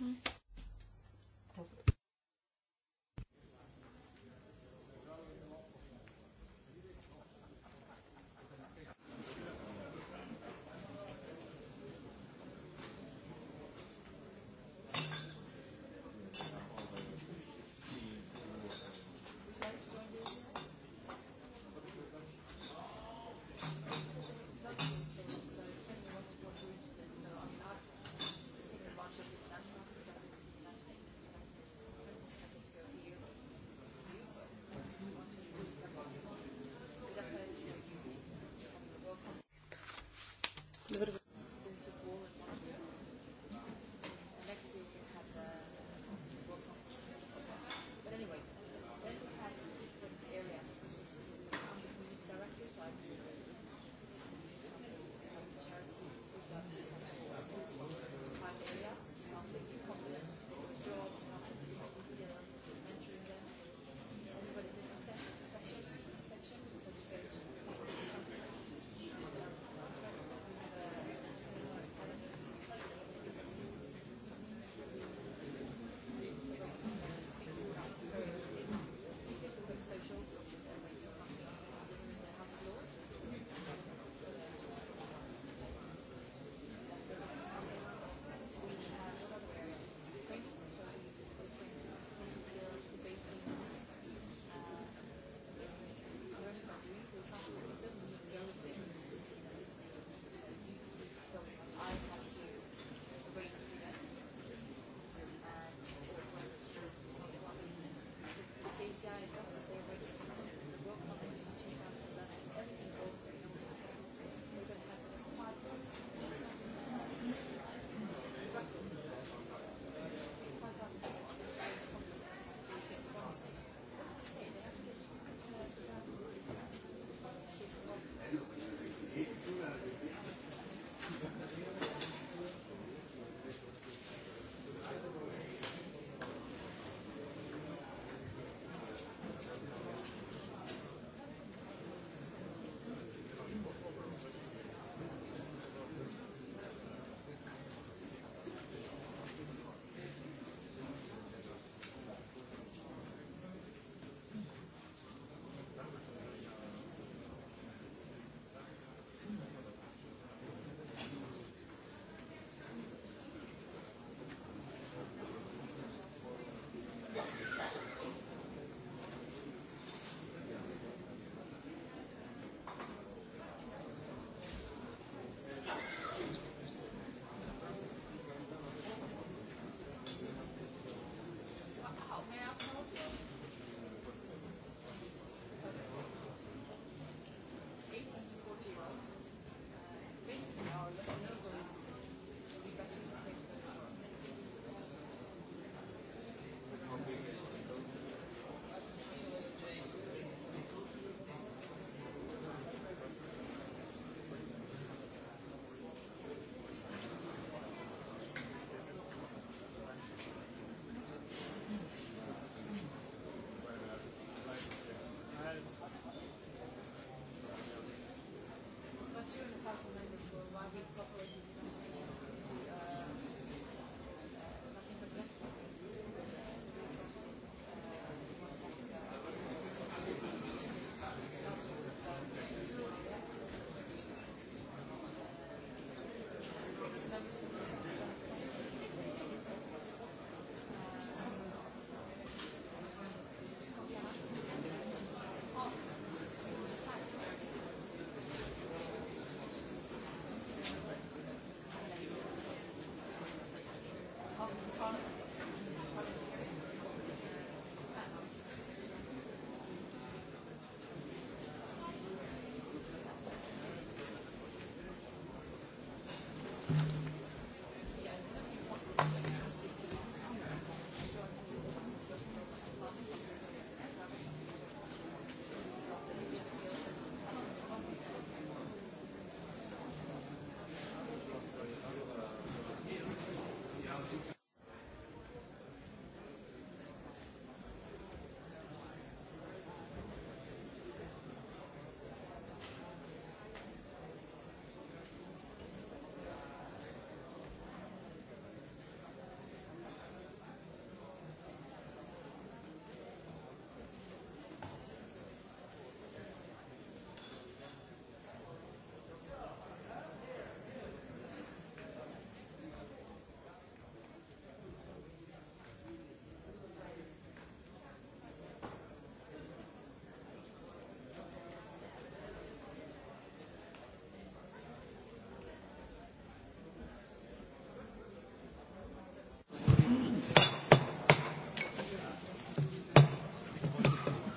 Mhm.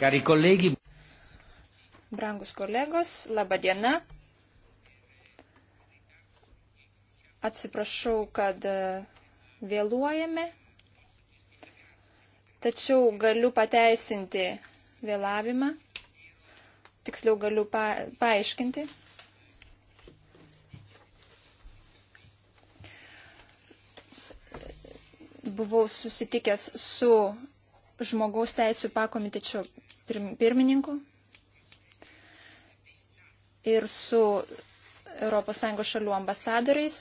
Cari kolegi. Brangus kolegos, laba diena. Atsiprašau, kad e, vėluojame, tačiau galiu pateisinti vėlavimą, tiksliau galiu pa paaiškinti. Buvau susitikęs su žmogaus teisų pakomitečio pirmininku ir su ES šalių ambasadoriais.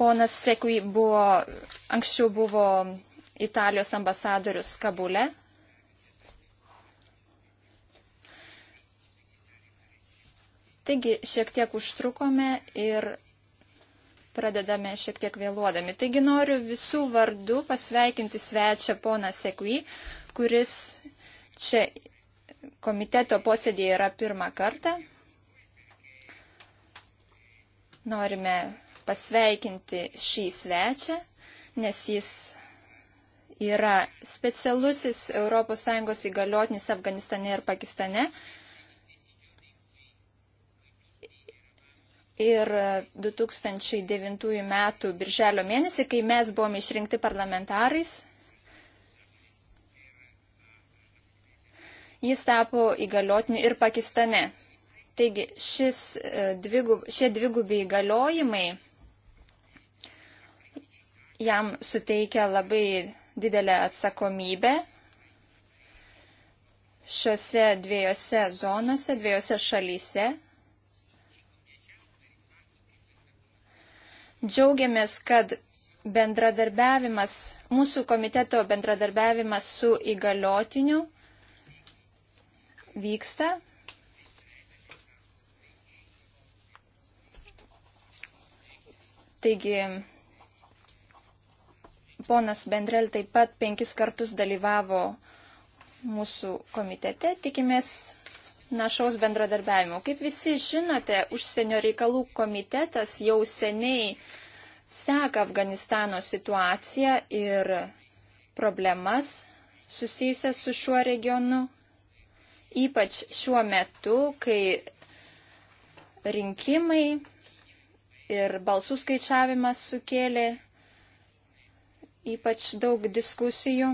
Ponas Sekui buvo, anksčiau buvo Italijos ambasadorius Kabule. Taigi šiek tiek užtrukome ir pradedame šiek tiek vėluodami. Taigi noriu visų vardų pasveikinti svečią poną Sekui, kuris čia komiteto posėdėje yra pirmą kartą. Norime pasveikinti šį svečią, nes jis yra specialusis ES įgaliotinis Afganistane ir Pakistane Ir 2009 m. birželio mėnesį, kai mes buvome išrinkti parlamentarais, jis tapo įgaliotiniu ir Pakistane. Taigi šis, e, dvigub, šie dvigubiai įgaliojimai jam suteikia labai didelę atsakomybę šiuose dviejose zonose, dviejose šalyse Džiaugiamės, kad bendradarbiavimas, mūsų komiteto bendradarbiavimas su įgaliotiniu vyksta. Taigi, ponas Bendrel taip pat penkis kartus dalyvavo mūsų komitete. Tikimės našaus bendradarbiavimo. Kaip visi žinote, užsienio reikalų komitetas jau seniai seka Afganistano situaciją ir problemas susijusias su šiuo regionu, ypač šiuo metu, kai rinkimai ir balsų skaičiavimas sukėlė ypač daug diskusijų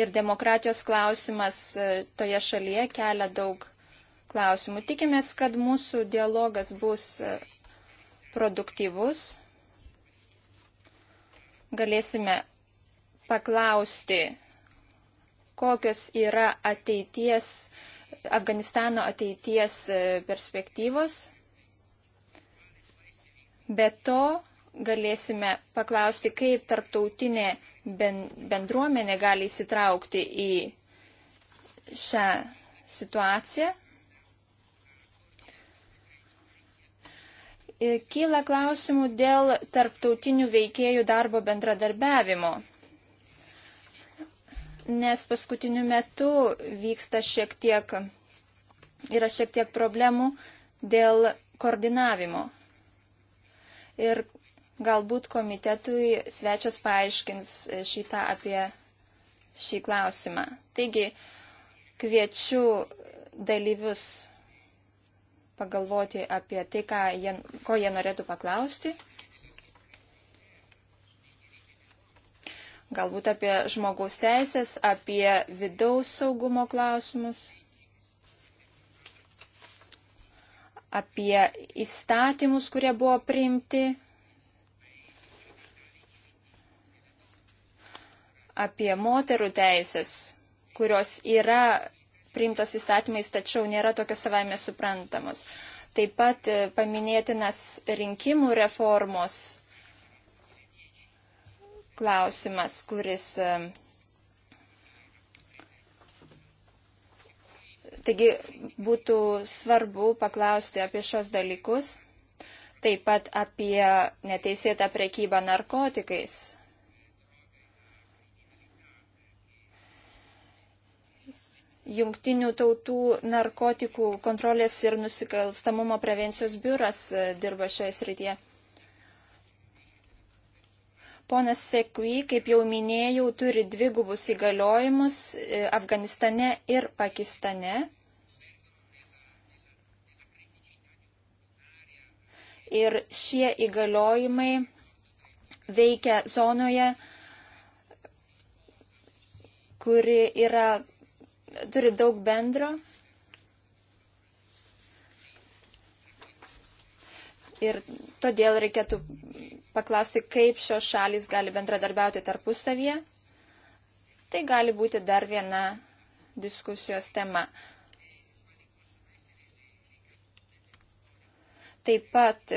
ir demokratijos klausimas e, toje šalyje kelia daug klausimų. Tikimės, kad mūsų dialogas bus e, produktyvus. Galėsime paklausti, kokios yra ateities, Afganistano ateities e, perspektyvos. Be to galėsime paklausti, kaip tarptautinė bendruomenė gali įsitraukti į šią situaciją. E, kyla klausimų dėl tarptautinių veikėjų darbo bendradarbiavimo, nes paskutiniu metu vyksta šiek tiek, yra šiek tiek problemų dėl koordinavimo. Ir Galbūt komitetui svečias paaiškins šitą apie šį klausimą. Taigi, kviečiu dalyvius pagalvoti apie tai, jie, ko jie norėtų paklausti. Galbūt apie žmogaus teisės, apie vidaus saugumo klausimus, apie įstatymus, kurie buvo priimti apie moterų teisės, kurios yra priimtos įstatymais, tačiau nėra tokios savaime suprantamos. Taip pat e, paminėtinas rinkimų reformos klausimas, kuris. E, taigi būtų svarbu paklausti apie šios dalykus, taip pat apie neteisėtą prekybą narkotikais, Jungtinių tautų narkotikų kontrolės ir nusikalstamumo prevencijos biuras e, dirba šioje srityje. Ponas Sekui, kaip jau minėjau, turi dvi gubus įgaliojimus e, Afganistane ir Pakistane. Ir šie įgaliojimai veikia zonoje, kuri yra turi daug bendro. Ir todėl reikėtų paklausti, kaip šios šalis gali bendradarbiauti tarpusavyje. Tai gali būti dar viena diskusijos tema. Taip pat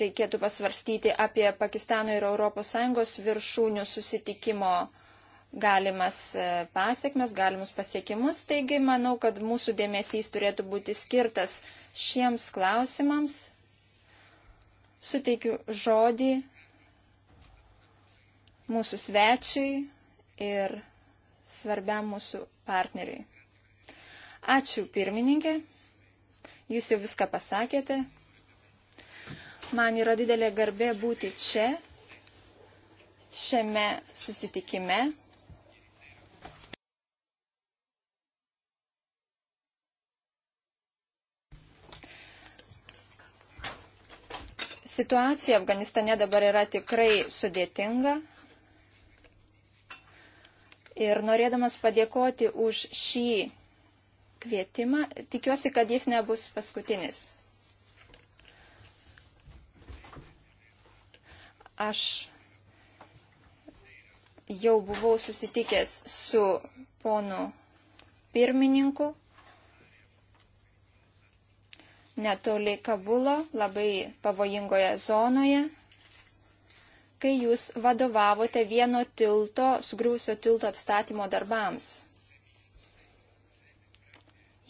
reikėtų pasvarstyti apie Pakistano ir ES viršūnių susitikimo galimas e, pasiekmes, galimus pasiekimus. Taigi, manau, kad mūsų dėmesys turėtų būti skirtas šiems klausimams. Suteikiu žodį mūsų svečiui ir svarbiam mūsų partneriui. Ačiū pirmininkė, jūs jau viską pasakėte. Man yra didelė garbė būti čia, šiame susitikime Situacija Afganistane dabar yra tikrai sudėtinga. Ir norėdamas padėkoti už šį kvietimą, tikiuosi, kad jis nebus paskutinis. Aš jau buvau susitikęs su ponu pirmininku netoli Kabulo, labai pavojingoje zonoje, kai jūs vadovavote vieno tilto, sugriūsio tilto atstatymo darbams.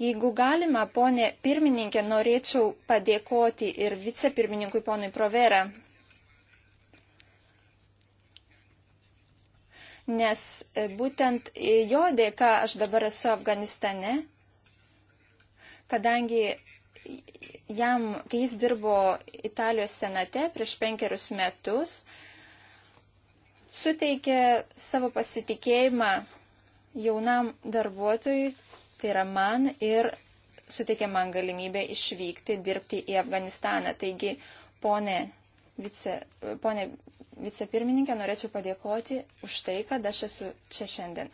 Jeigu galima, ponė pirmininkė, norėčiau padėkoti ir vicepirmininkui ponui Provera, nes e, būtent jo dėka aš dabar esu Afganistane, kadangi jam, kai jis dirbo Italijos senate prieš penkerius metus, suteikė savo pasitikėjimą jaunam darbuotojui, tai yra man, ir suteikė man galimybę išvykti dirbti į Afganistaną. Taigi, ponė, vice, ponė vicepirmininkė, norėčiau padėkoti už tai, kad aš esu čia šiandien.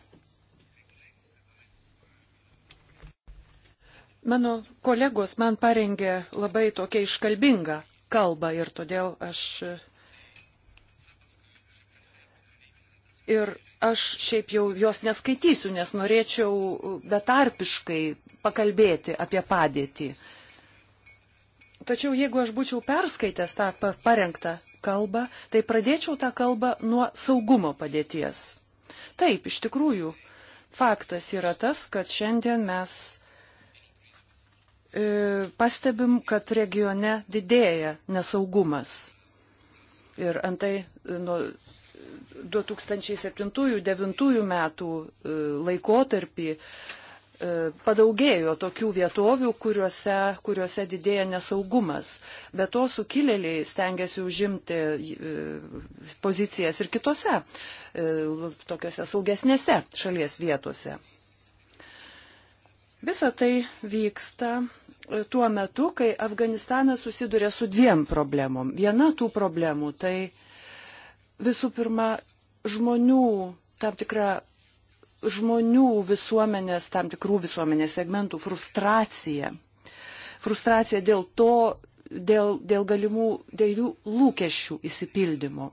Mano kolegos man parengė labai tokia iškalbinga kalba ir todėl aš. Ir aš šiaip jau jos neskaitysiu, nes norėčiau betarpiškai pakalbėti apie padėtį. Tačiau jeigu aš būčiau perskaitęs tą parengtą kalbą, tai pradėčiau tą kalbą nuo saugumo padėties. Taip, iš tikrųjų, faktas yra tas, kad šiandien mes E, pastebim, kad regione didėja nesaugumas. Ir antai e, nuo 2007-2009 metų e, laikotarpį padaugėjo tokių vietovių, kuriuose, kuriuose didėja nesaugumas. Be to sukilėliai stengiasi užimti pozicijas ir kitose, tokiuose saugesnėse šalies vietose. Visa tai vyksta tuo metu, kai Afganistanas susiduria su dviem problemom. Viena tų problemų tai visų pirma žmonių, tam tikra žmonių visuomenės, tam tikrų visuomenės segmentų frustracija. Frustracija dėl to, dėl, dėl galimų, dėl jų lūkesčių įsipildymo.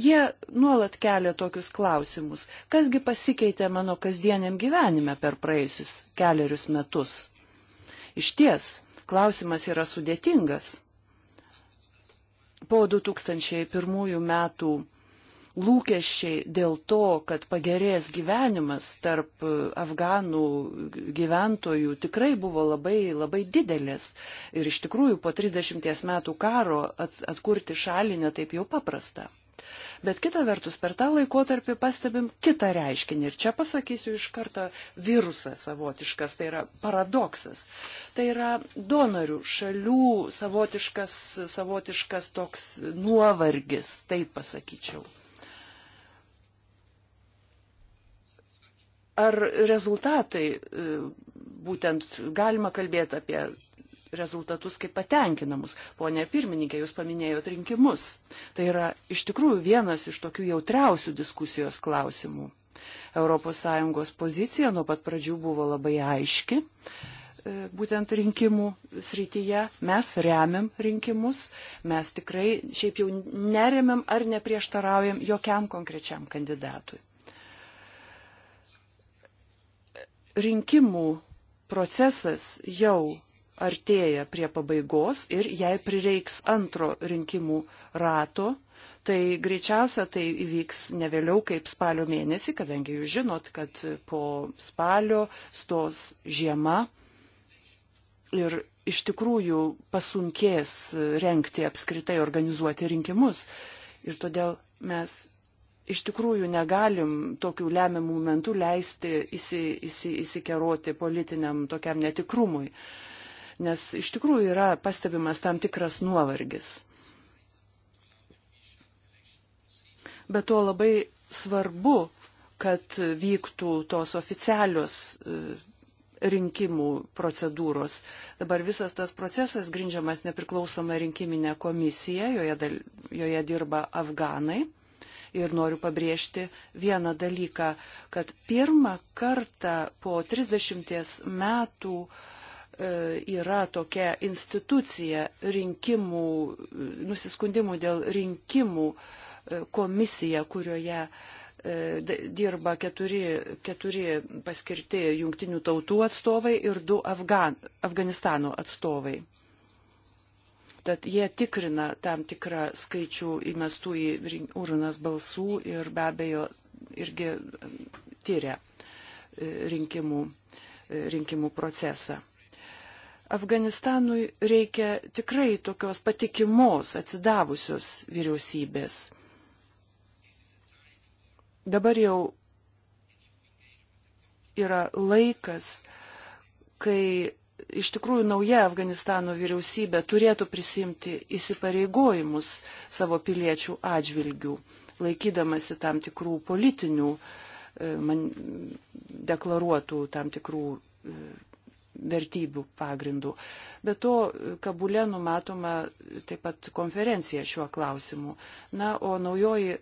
Jie nuolat kelia tokius klausimus, kasgi pasikeitė mano kasdieniam gyvenime per praėjusius keliarius metus. Iš ties, klausimas yra sudėtingas. Po 2001 metų lūkesčiai dėl to, kad pagerės gyvenimas tarp e, afganų gyventojų tikrai buvo labai, labai didelis. Ir iš tikrųjų po 30 metų karo atkurti šalį netaip jau paprasta. Bet kita vertus, per tą laikotarpį pastebim kitą reiškinį. Ir čia pasakysiu iš karto virusą savotiškas, tai yra paradoksas. Tai yra donorių šalių savotiškas, savotiškas toks nuovargis, taip pasakyčiau. Ar rezultatai e, būtent galima kalbėti apie rezultatus kaip patenkinamus. Pone pirmininkė, jūs paminėjote rinkimus. Tai yra iš tikrųjų vienas iš tokių jautriausių diskusijos klausimų. ES pozicija nuo pat pradžių buvo labai aiški. E, būtent rinkimų srityje mes remiam rinkimus, mes tikrai šiaip jau neremiam ar neprieštaraujam jokiam konkrečiam kandidatui. Rinkimų procesas jau artėja prie pabaigos ir jei prireiks antro rinkimų rato, tai greičiausia tai įvyks ne vėliau kaip spalio mėnesį, kadangi jūs žinot, kad po spalio stos žiema ir iš tikrųjų pasunkės renkti apskritai organizuoti rinkimus. Ir todėl mes iš tikrųjų negalim tokių lemiamų momentų leisti įsi, įsi, įsikeroti politiniam tokiam netikrumui. Uh, nes iš tikrųjų yra pastebimas tam tikras nuovargis. Bet tuo labai svarbu, kad vyktų tos oficialios e, rinkimų procedūros. Dabar visas tas procesas grindžiamas nepriklausoma rinkiminė komisija, joje, dal, joje dirba afganai. Ir noriu pabrėžti vieną dalyką, kad pirmą kartą po 30 metų uh, E, yra tokia institucija rinkimų, nusiskundimų dėl rinkimų e, komisija, kurioje e, dirba keturi, keturi paskirti jungtinių tautų atstovai ir du Afgan, Afganistano atstovai. Tad jie tikrina tam tikrą skaičių įmestų į urnas balsų ir be abejo irgi tyria rinkimų, rinkimų procesą. Afganistanui reikia tikrai tokios patikimos, atsidavusios vyriausybės. Dabar jau yra laikas, kai iš tikrųjų nauja Afganistano vyriausybė turėtų prisimti įsipareigojimus savo piliečių atžvilgių, laikydamasi tam tikrų politinių, e, man, deklaruotų tam tikrų e, vertybių pagrindų. Be to, Kabule numatoma taip pat konferencija šiuo klausimu. Na, o naujoji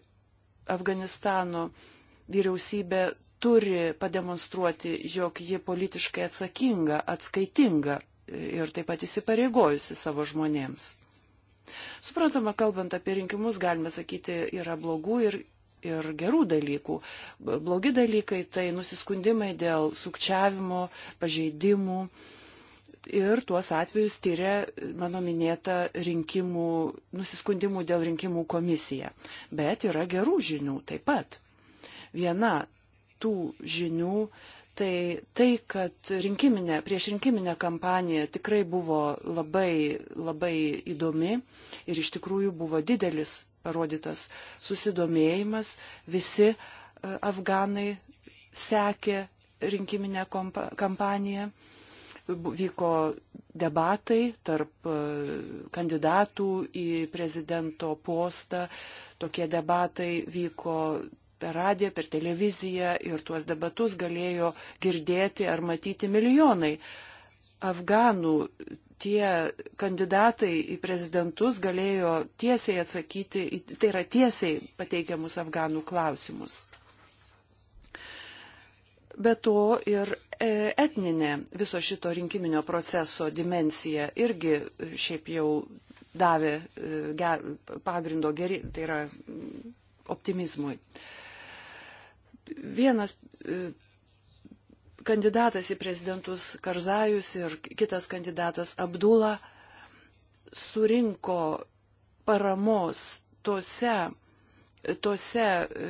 Afganistano vyriausybė turi pademonstruoti, jog ji politiškai atsakinga, atskaitinga ir taip pat įsipareigojusi savo žmonėms. Suprantama, kalbant apie rinkimus, galime sakyti, yra blogų ir ir gerų dalykų. Blogi dalykai tai nusiskundimai dėl sukčiavimo, pažeidimų. Ir tuos atvejus tyria mano minėta rinkimų, nusiskundimų dėl rinkimų komisija. Bet yra gerų žinių taip pat. Viena tų žinių tai tai, kad rinkiminė, prieš rinkiminė kampanija tikrai buvo labai, labai įdomi ir iš tikrųjų buvo didelis parodytas susidomėjimas, visi e, afganai sekė rinkiminę kampaniją, vyko debatai tarp e, kandidatų į prezidento postą, tokie debatai vyko per radiją, per televiziją ir tuos debatus galėjo girdėti ar matyti milijonai afganų tie kandidatai į prezidentus galėjo tiesiai atsakyti, tai yra tiesiai pateikiamus afganų klausimus. Be to ir e, etninė viso šito rinkiminio proceso dimensija irgi šiaip jau davė e, pagrindo geri, tai yra optimizmui. Vienas e, kandidatas į prezidentus Karzajus ir kitas kandidatas Abdula surinko paramos tose, tose e,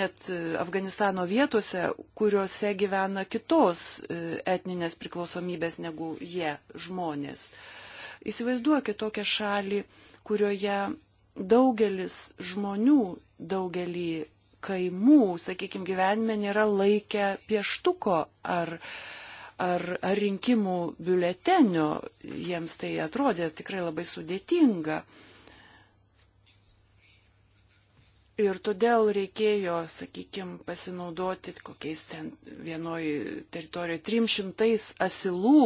net Afganistano vietose, kuriuose gyvena kitos e, etninės priklausomybės negu jie žmonės. Įsivaizduokit tokią šalį, kurioje daugelis žmonių daugelį kaimų, sakykime, gyvenime nėra laikę pieštuko ar, ar, ar rinkimų biuletenio, jiems tai atrodė tikrai labai sudėtinga. Ir todėl reikėjo, sakykime, pasinaudoti kokiais ten vienoje teritorijoje 300 asilų,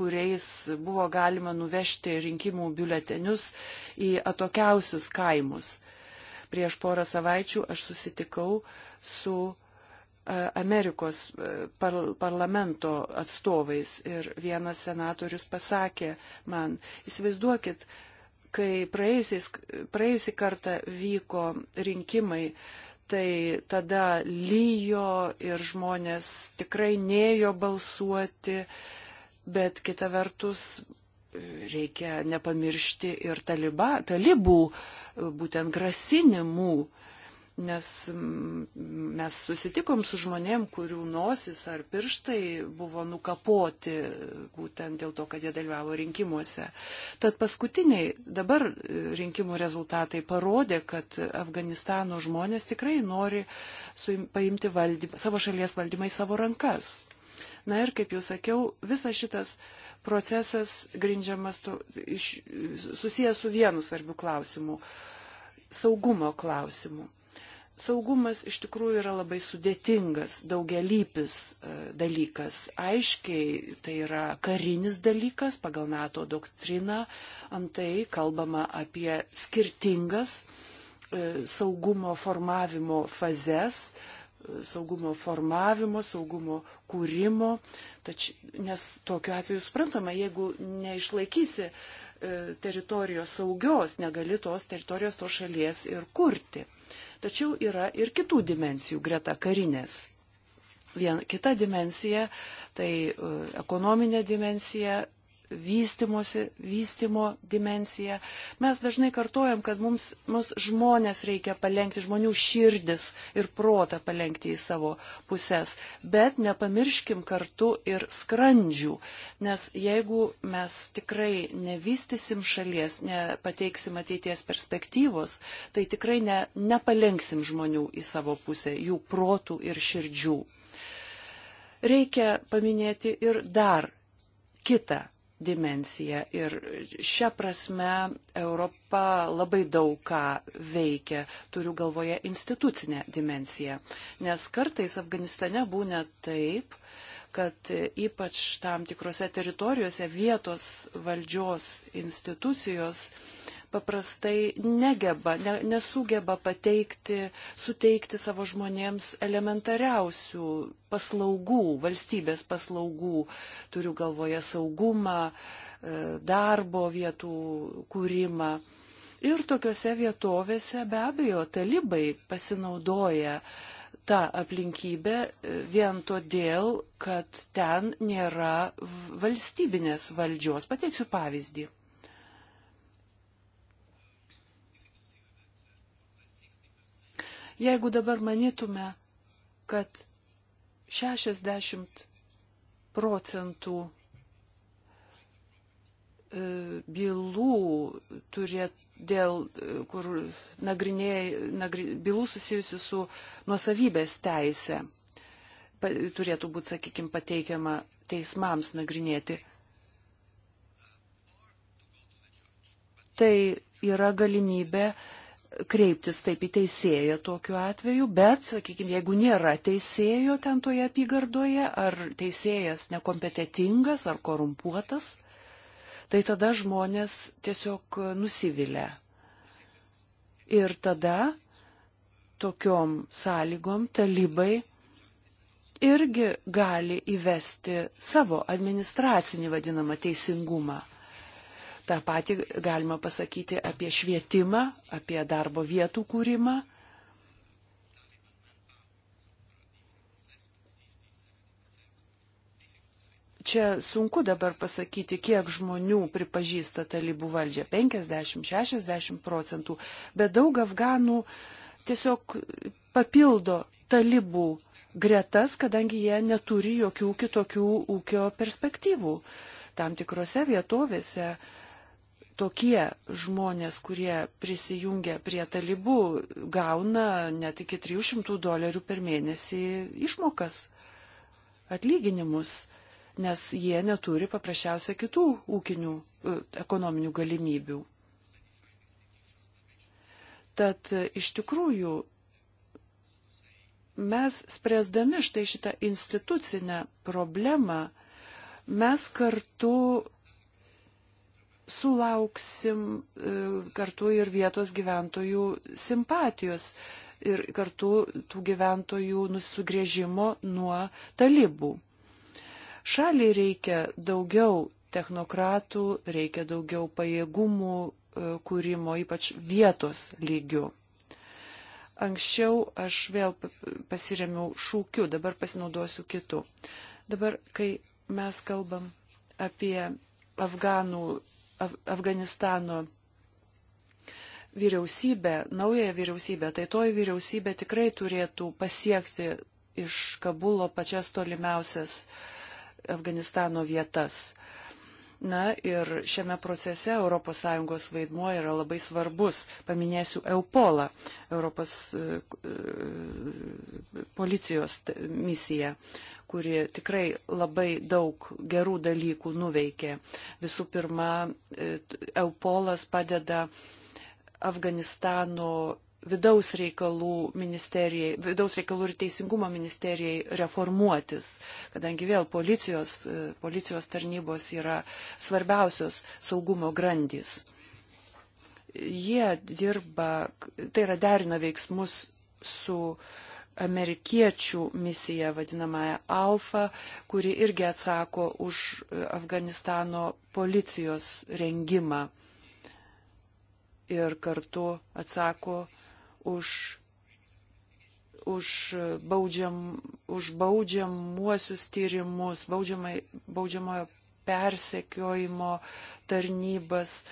kuriais buvo galima nuvežti rinkimų biuletenius į atokiausius kaimus prieš porą savaičių aš susitikau su e, Amerikos e, par parlamento atstovais ir vienas senatorius pasakė man, įsivaizduokit, kai praėjusiais, praėjusį kartą vyko rinkimai, tai tada lyjo ir žmonės tikrai nejo balsuoti, bet kita vertus reikia nepamiršti ir taliba, talibų būtent grasinimų, nes mm, mes susitikom su žmonėm, kurių nosis ar pirštai buvo nukapoti būtent dėl to, kad jie dalyvavo rinkimuose. Tad paskutiniai dabar rinkimų rezultatai parodė, kad Afganistano žmonės tikrai nori paimti valdymą, savo šalies valdymą į savo rankas. Na ir kaip jau sakiau, visas šitas uh, procesas grindžiamas to, iš, susijęs su vienu svarbiu klausimu - saugumo klausimu. Saugumas iš tikrųjų yra labai sudėtingas, daugelypis e, dalykas. Aiškiai, tai yra karinis dalykas pagal NATO doktriną, antai kalbama apie skirtingas e, saugumo formavimo fazes, saugumo formavimo, saugumo kūrimo, tač, nes tokiu atveju suprantama, jeigu neišlaikysi e, teritorijos saugios, negali tos teritorijos, tos šalies ir kurti. Tačiau yra ir kitų dimensijų greta karinės. Vien, kita dimensija, tai e, ekonominė dimensija, vystimosi, vystimo dimensiją. Mes dažnai kartojam, kad mums, mums žmonės reikia palengti, žmonių širdis ir protą palengti į savo pusės. Bet nepamirškim kartu ir skrandžių, nes jeigu mes tikrai nevystysim šalies, nepateiksim ateities perspektyvos, tai tikrai ne, nepalenksim žmonių į savo pusę, jų protų ir širdžių reikia paminėti ir dar kitą dimensiją. Ir šią prasme Europa labai daug ką veikia, turiu galvoje institucinę dimensiją. Nes kartais Afganistane būna taip, kad ypač tam tikrose teritorijose vietos valdžios institucijos paprastai negeba, ne, nesugeba pateikti, suteikti savo žmonėms elementariausių paslaugų, valstybės paslaugų, turiu galvoje saugumą, e, darbo vietų kūrimą. Ir tokiuose vietovėse be abejo talibai pasinaudoja tą aplinkybę e, vien todėl, kad ten nėra valstybinės valdžios. Pateiksiu pavyzdį. Jeigu dabar manytume, kad 60 procentų e, bylų turėtų dėl, e, kur nagrinėjai, nagri, bylų susijusių su nuosavybės teise pa, turėtų būti, sakykime, pateikiama teismams nagrinėti. Tai yra galimybė uh, kreiptis taip į teisėją tokiu atveju, bet, sakykime, jeigu nėra teisėjo ten toje apygardoje, ar teisėjas nekompetitingas ar korumpuotas, tai tada žmonės tiesiog nusivilia. Ir tada tokiom sąlygom talibai irgi gali įvesti savo administracinį vadinamą teisingumą. Ta pati galima pasakyti apie švietimą, apie darbo vietų kūrimą. Čia sunku dabar pasakyti, kiek žmonių pripažįsta talibų valdžią - 50-60 procentų, bet daug afganų tiesiog papildo talibų gretas, kadangi jie neturi jokių kitokių ūkio perspektyvų. Tam tikrose vietovėse uh, tokie žmonės, kurie prisijungia prie talibų, gauna net iki 300 dolerių per mėnesį išmokas, atlyginimus, nes jie neturi paprasčiausia kitų ūkinių e, ekonominių galimybių. Tad e, iš tikrųjų mes spręsdami štai šitą institucinę problemą, mes kartu sulauksim e, kartu ir vietos gyventojų simpatijos ir kartu tų gyventojų nusigrėžimo nuo talibų. Šaliai reikia daugiau technokratų, reikia daugiau pajėgumų e, kūrimo, ypač vietos lygių. Anksčiau aš vėl pasiremiau šūkiu, dabar pasinaudosiu kitu. Dabar, kai mes kalbam apie afganų Afganistano vyriausybę, naująją vyriausybę, tai toji vyriausybė tikrai turėtų pasiekti iš Kabulo pačias tolimiausias Afganistano vietas. Na ir šiame procese ES vaidmuo yra labai svarbus. Paminėsiu EUPOLą, Europos e, e, policijos misiją, kuri tikrai labai daug gerų dalykų nuveikė. Visų pirma, e, Eupolas padeda Afganistano vidaus reikalų ministerijai, vidaus reikalų ir teisingumo ministerijai reformuotis, kadangi vėl policijos, e, policijos tarnybos yra svarbiausios saugumo grandys. Jie dirba, tai yra derina veiksmus su uh, amerikiečių misiją, vadinamąją Alfa, kuri irgi atsako už e, Afganistano policijos rengimą ir kartu atsako už už, e, baudžiam, už baudžiamuosius tyrimus, baudžiamai, baudžiamojo persekiojimo tarnybas,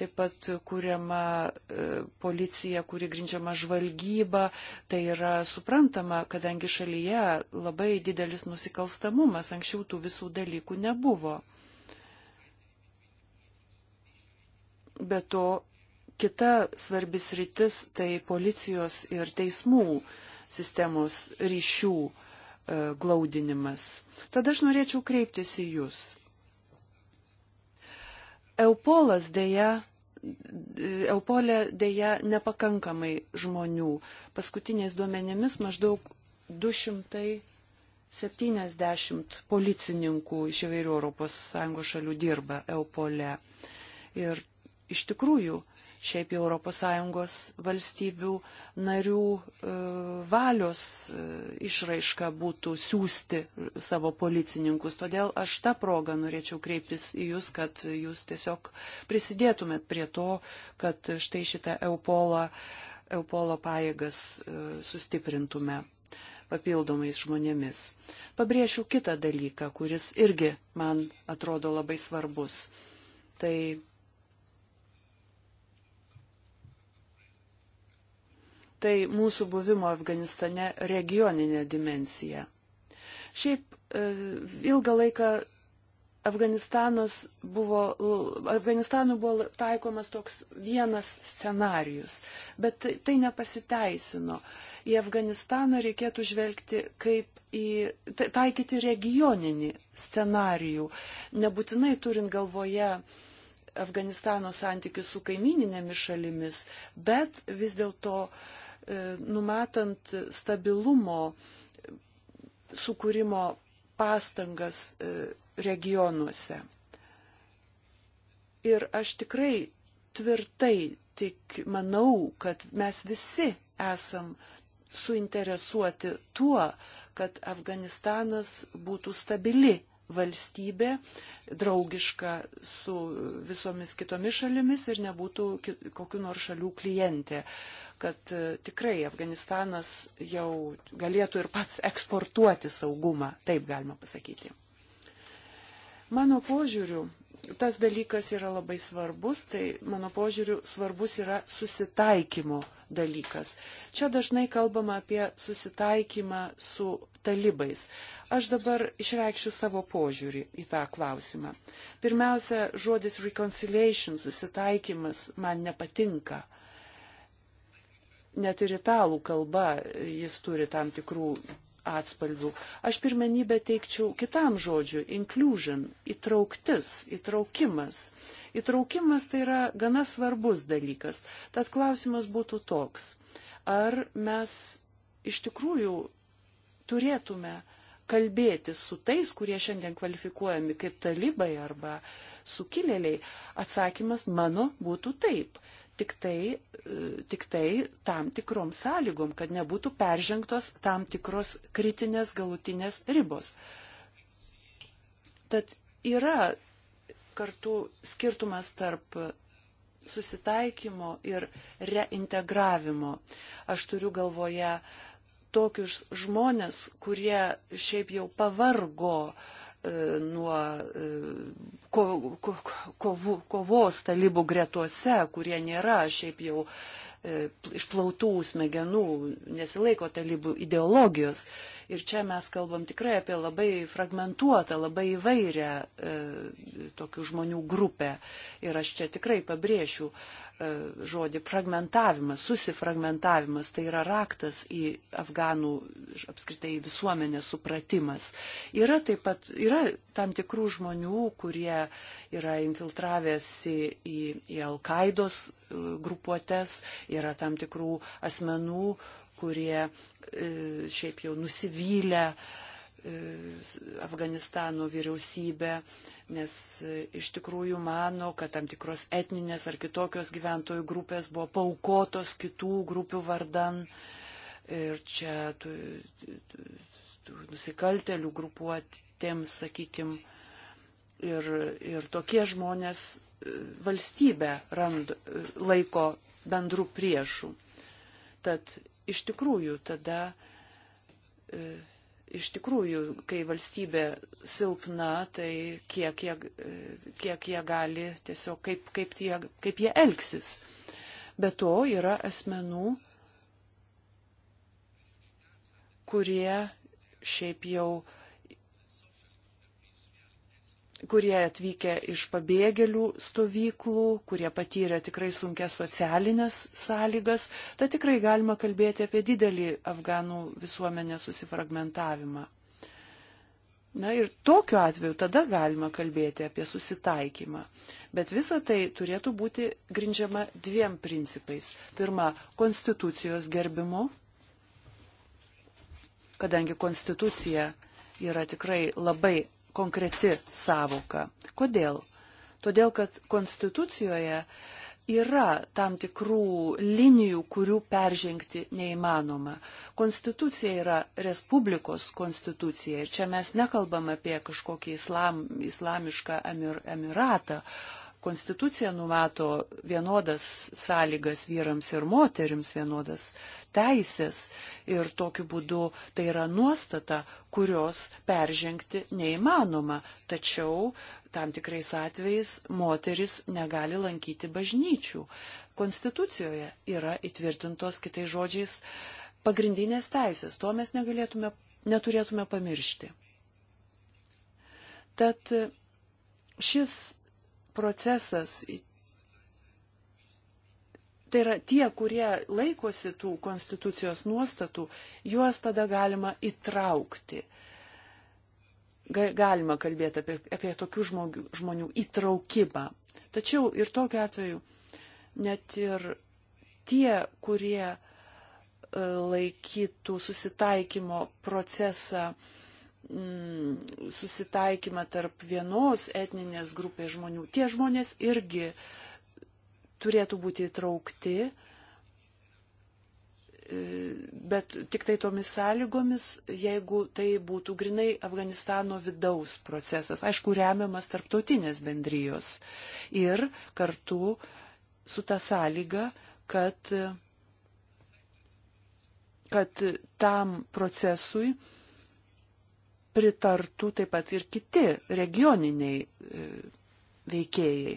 Taip pat kuriama e, policija, kuri grindžiama žvalgyba. Tai yra suprantama, kadangi šalyje labai didelis nusikalstamumas. Anksčiau tų visų dalykų nebuvo. Be to, kita svarbis rytis tai policijos ir teismų sistemos ryšių e, glaudinimas. Tada aš norėčiau kreiptis į Jūs. Eupolas dėja Eupolė dėja nepakankamai žmonių. Paskutiniais duomenėmis maždaug 270 policininkų iš įvairių ES šalių dirba Eupolė. Ir iš tikrųjų šiaip jau ES valstybių narių e, valios e, išraiška būtų siūsti savo policininkus. Todėl aš tą progą norėčiau kreiptis į Jūs, kad Jūs tiesiog prisidėtumėt prie to, kad štai šitą Eupolą, Eupolo pajėgas e, sustiprintume papildomais žmonėmis. Pabrėšiu kitą dalyką, kuris irgi man atrodo labai svarbus. Tai tai mūsų buvimo Afganistane regioninė dimensija. Šiaip e, ilgą laiką Afganistanas buvo, Afganistanui buvo taikomas toks vienas scenarius, bet tai, tai nepasiteisino. Į Afganistaną reikėtų žvelgti kaip į taikyti regioninį scenarijų, nebūtinai turint galvoje Afganistano santykius su kaimininėmis šalimis, bet vis dėlto uh, E, numatant stabilumo sukūrimo pastangas e, regionuose. Ir aš tikrai tvirtai tik manau, kad mes visi esam suinteresuoti tuo, kad Afganistanas būtų stabili valstybė, draugiška su visomis kitomis šalimis ir nebūtų kokiu nors šalių klientė. Kad e, tikrai Afganistanas jau galėtų ir pats eksportuoti saugumą, taip galima pasakyti. Mano požiūriu, tas dalykas yra labai svarbus, tai mano požiūriu svarbus yra susitaikymo dalykas. Čia dažnai kalbama apie susitaikymą su talibais. Aš dabar išreikščiau savo požiūrį į tą klausimą. Pirmiausia, žodis reconciliation, susitaikymas, man nepatinka. Net ir italų kalba jis turi tam tikrų atspalvių. Aš pirmenybę teikčiau kitam žodžiu - inclusion, įtrauktis, įtraukimas. Uh, Įtraukimas tai yra gana svarbus dalykas. Tad klausimas būtų toks. Ar mes iš tikrųjų turėtume kalbėti su tais, kurie šiandien kvalifikuojami kaip talibai arba sukilėliai? Atsakymas mano būtų taip tik tai, e, tik tai tam tikrom sąlygom, kad nebūtų peržengtos tam tikros kritinės galutinės ribos. Tad yra kartų skirtumas tarp susitaikymo ir reintegravimo. Aš turiu galvoje tokius žmonės, kurie šiaip jau pavargo e, nuo e, ko, ko, ko, kovų, kovos talybų gretuose, kurie nėra šiaip jau E, išplautų smegenų, nesilaiko talybų ideologijos. Ir čia mes kalbam tikrai apie labai fragmentuotą, labai įvairią e, tokių žmonių grupę. Ir aš čia tikrai pabrėšiu, e, E, žodį fragmentavimas, susifragmentavimas, tai yra raktas į afganų apskritai visuomenės supratimas. Yra taip pat, yra tam tikrų žmonių, kurie yra infiltravęsi į, į Al-Qaidos e, grupuotės, yra tam tikrų asmenų, kurie e, šiaip jau nusivylę uh, E, Afganistano vyriausybė, nes e, iš tikrųjų mano, kad tam tikros etninės ar kitokios gyventojų grupės buvo paukotos kitų grupių vardan. Ir čia tų, tų, tų nusikaltelių grupuotėms, sakykime, ir, ir tokie žmonės e, valstybę rand, laiko bendrų priešų. Tad iš tikrųjų tada iš tikrųjų, kai valstybė silpna, tai kiek jie, kiek jie gali tiesiog, kaip, kaip, tie, kaip jie elgsis. Be to yra asmenų, kurie šiaip jau uh, kurie atvykę iš pabėgėlių stovyklų, kurie patyrė tikrai sunkias socialinės sąlygas, tad tikrai galima kalbėti apie didelį afganų visuomenės susifragmentavimą. Na ir tokiu atveju tada galima kalbėti apie susitaikymą. Bet visa tai turėtų būti grindžiama dviem principais. Pirma, konstitucijos gerbimu, kadangi konstitucija yra tikrai labai konkreti savoka. Kodėl? Todėl, kad Konstitucijoje yra tam tikrų linijų, kurių peržengti neįmanoma. Konstitucija yra Respublikos konstitucija ir čia mes nekalbam apie kažkokį islam, islamišką emir, emiratą, Konstitucija numato vienodas sąlygas vyrams ir moterims, vienodas teisės ir tokiu būdu tai yra nuostata, kurios peržengti neįmanoma, tačiau tam tikrais atvejais moteris negali lankyti bažnyčių. Konstitucijoje yra įtvirtintos kitais žodžiais pagrindinės teisės, to mes negalėtume, neturėtume pamiršti. Tad šis procesas. Tai yra tie, kurie laikosi tų konstitucijos nuostatų, juos tada galima įtraukti. Galima kalbėti apie, apie tokių žmogių, žmonių įtraukimą. Tačiau ir tokiu atveju net ir tie, kurie e, laikytų susitaikymo procesą uh, mm, susitaikymą tarp vienos etninės grupės žmonių, tie žmonės irgi turėtų būti įtraukti, e, bet tik tai tomis sąlygomis, jeigu tai būtų grinai Afganistano vidaus procesas, aišku, remiamas tarptautinės bendrijos ir kartu su ta sąlyga, kad, kad tam procesui pritartų taip pat ir kiti regioniniai e, veikėjai.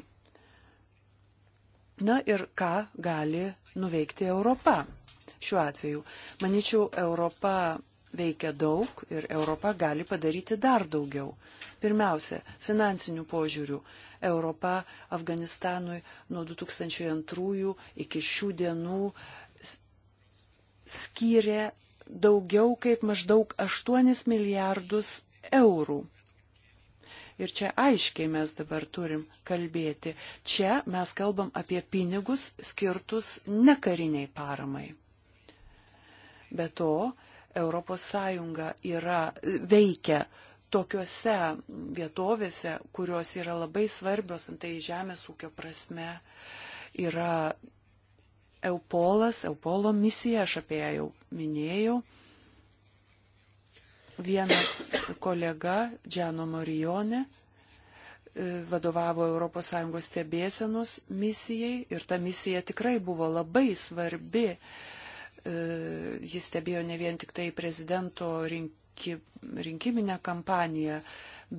Na ir ką gali nuveikti Europa šiuo atveju? Maničiau, Europa veikia daug ir Europa gali padaryti dar daugiau. Pirmiausia, finansinių požiūrių. Europa Afganistanui nuo 2002 iki šių dienų skyrė daugiau kaip maždaug 8 milijardus eurų. Ir čia aiškiai mes dabar turim kalbėti. Čia mes kalbam apie pinigus skirtus nekariniai paramai. Be to, ES yra veikia tokiuose vietovėse, kurios yra labai svarbios, tai žemės ūkio prasme, yra Eupolas, Eupolo misija, aš apie ją jau minėjau. Vienas kolega, Džiano Marijone, e, vadovavo ES stebėsenos misijai ir ta misija tikrai buvo labai svarbi. E, Jis stebėjo ne vien tik tai prezidento rinkiminę kampaniją,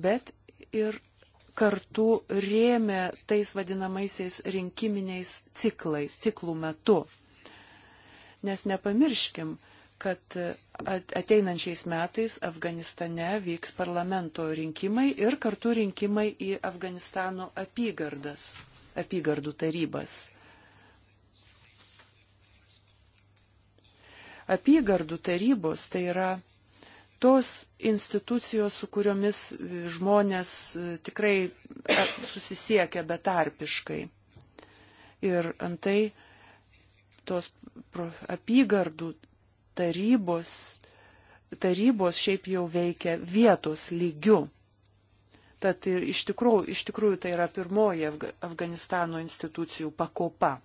bet ir kartu rėmė tais vadinamaisiais rinkiminiais ciklais, ciklų metu. Nes nepamirškim, kad ateinančiais metais Afganistane vyks parlamento rinkimai ir kartu rinkimai į Afganistano apygardas, apygardų tarybas. Apygardų tarybos tai yra tos institucijos, su kuriomis žmonės e, tikrai e, susisiekia betarpiškai. Ir antai tos apygardų tarybos, tarybos šiaip jau veikia vietos lygiu. Tad ir iš tikrųjų, iš tikrųjų tai yra pirmoji Afganistano institucijų pakopa.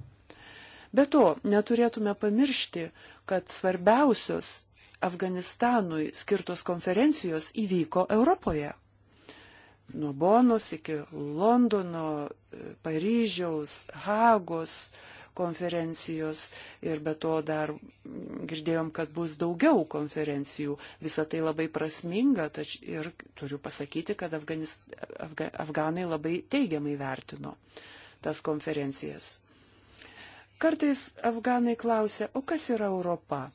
Be to, neturėtume pamiršti, kad svarbiausios Afganistanui skirtos konferencijos įvyko Europoje. Nuo Bonos iki Londono, e, Paryžiaus, Hagos konferencijos ir be to dar girdėjom, kad bus daugiau konferencijų. Visa tai labai prasminga tač, ir turiu pasakyti, kad Afganis, Afga, Afganai labai teigiamai vertino tas konferencijas. Kartais Afganai klausia, o kas yra Europa?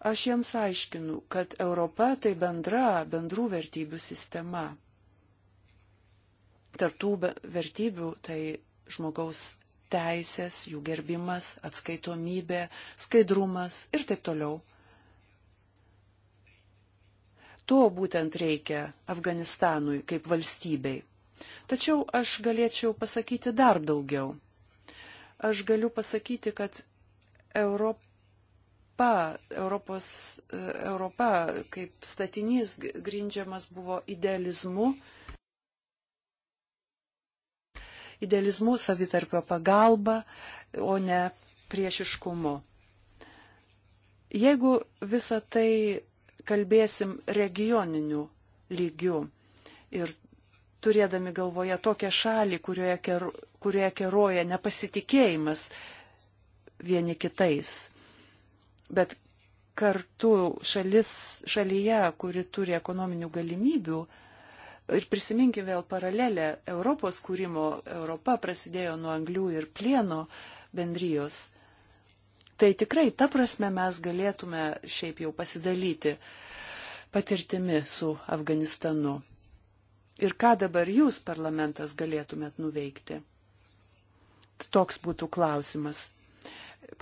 Aš jiems aiškinu, kad Europa tai bendra bendrų vertybių sistema. Tartų vertybių tai žmogaus teisės, jų gerbimas, atskaitomybė, skaidrumas ir taip toliau. To būtent reikia Afganistanui kaip valstybei. Tačiau aš galėčiau pasakyti dar daugiau. Aš galiu pasakyti, kad Europa Europa, Europos, e, Europa kaip statinys grindžiamas buvo idealizmu, idealizmu savitarpio pagalba, o ne priešiškumu. Jeigu visą tai kalbėsim regioniniu lygiu ir turėdami galvoje tokią šalį, kurioje, ker, kurioje keroja nepasitikėjimas vieni kitais, Bet kartu šalis, šalyje, kuri turi ekonominių galimybių, ir prisiminkime vėl paralelę Europos kūrimo, Europa prasidėjo nuo anglių ir plieno bendrijos. Tai tikrai ta prasme mes galėtume šiaip jau pasidalyti patirtimi su Afganistanu. Ir ką dabar jūs, parlamentas, galėtumėt nuveikti? Toks būtų klausimas.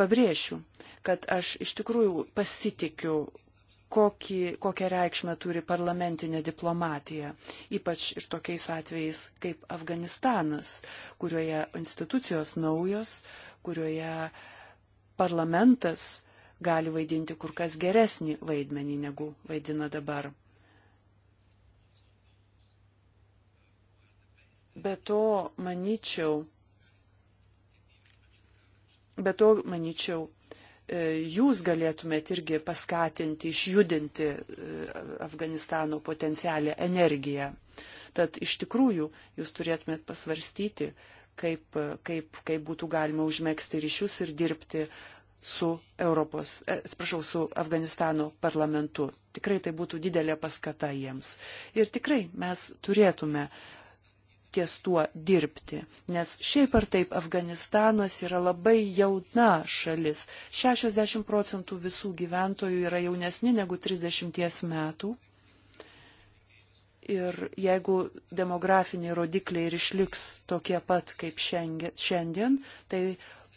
Pabrėšiu, kad aš iš tikrųjų pasitikiu, kokį, kokią reikšmę turi parlamentinė diplomatija, ypač ir tokiais atvejais kaip Afganistanas, kurioje institucijos naujos, kurioje parlamentas gali vaidinti kur kas geresnį vaidmenį negu vaidina dabar. Be to, manyčiau, be to, manyčiau, E, jūs galėtumėte irgi paskatinti, išjudinti e, Afganistano potencialią energiją. Tad iš tikrųjų jūs turėtumėt pasvarstyti, kaip, kaip, kaip būtų galima užmėgsti ryšius ir dirbti su Europos, e, atsiprašau, su Afganistano parlamentu. Tikrai tai būtų didelė paskata jiems. Ir tikrai mes turėtume uh, ties tuo dirbti, nes šiaip ar taip Afganistanas yra labai jauna šalis. 60 procentų visų gyventojų yra jaunesni negu 30 metų. Ir jeigu demografiniai rodikliai ir išliks tokie pat kaip šiandien, tai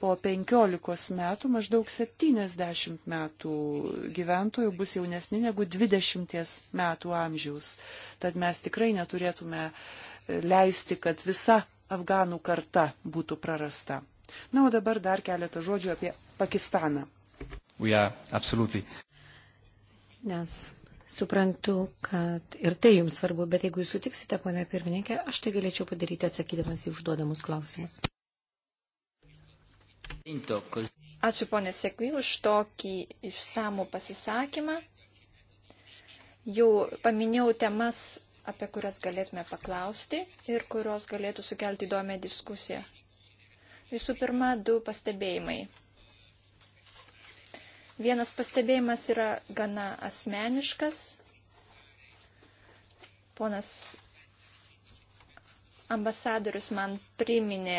po 15 metų maždaug 70 metų gyventojų bus jaunesni negu 20 metų amžiaus. Tad mes tikrai neturėtume leisti, kad visa afganų karta būtų prarasta. Na, o dabar dar keletą žodžių apie Pakistaną. Nes suprantu, kad ir tai jums svarbu, bet jeigu jūs sutiksite, ponia pirmininkė, aš tai galėčiau padaryti atsakydamas į užduodamus klausimus. Ačiū ponė Sekvi už tokį išsamų pasisakymą. Jau paminėjau temas apie kurias galėtume paklausti ir kurios galėtų sukelti įdomią diskusiją. Visų pirma, du pastebėjimai. Vienas pastebėjimas yra gana asmeniškas. Ponas ambasadorius man priminė,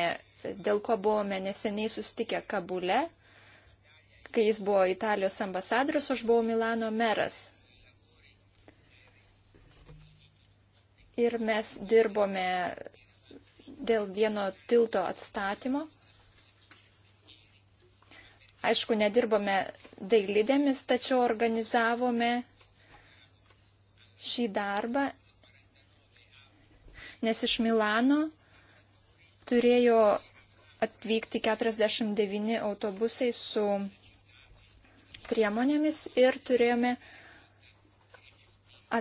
dėl ko buvome neseniai sustikę Kabule, kai jis buvo Italijos ambasadorius, aš buvau Milano meras. ir mes dirbome dėl vieno tilto atstatymo. Aišku, nedirbome dailidėmis, tačiau organizavome šį darbą, nes iš Milano turėjo atvykti 49 autobusai su priemonėmis ir turėjome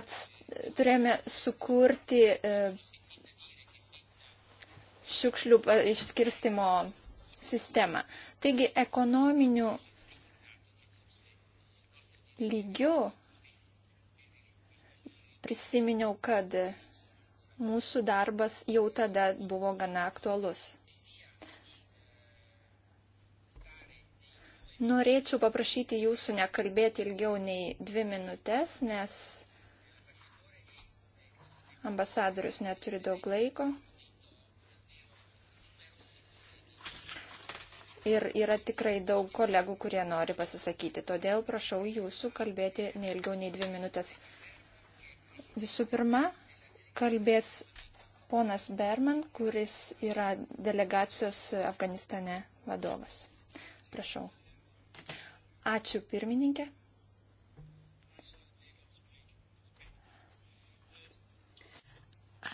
atstatyti turėjome sukurti e, šiukšlių išskirstimo sistemą. Taigi ekonominių lygių prisiminiau, kad mūsų darbas jau tada buvo gana aktualus. Norėčiau paprašyti jūsų nekalbėti ilgiau nei dvi minutės, nes Ambasadorius neturi daug laiko. Ir yra tikrai daug kolegų, kurie nori pasisakyti. Todėl prašau jūsų kalbėti neilgiau nei dvi minutės. Visų pirma, kalbės ponas Berman, kuris yra delegacijos Afganistane vadovas. Prašau. Ačiū pirmininkė.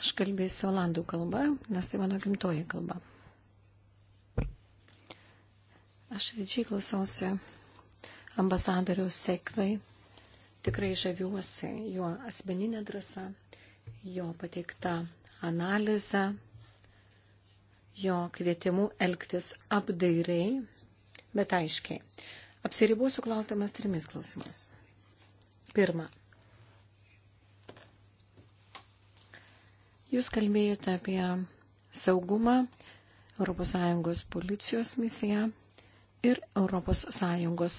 Aš kalbėsiu olandų kalba, nes tai mano gimtoji kalba. Aš didžiai klausiausi ambasadoriaus sekvai. Tikrai žaviuosi jo asmeninė drąsa, jo pateikta analizė, jo kvietimu elgtis apdairiai, bet aiškiai. Apsiribosiu klausdamas trimis klausimais. Pirma, Jūs kalbėjote apie saugumą, ES policijos misiją ir ES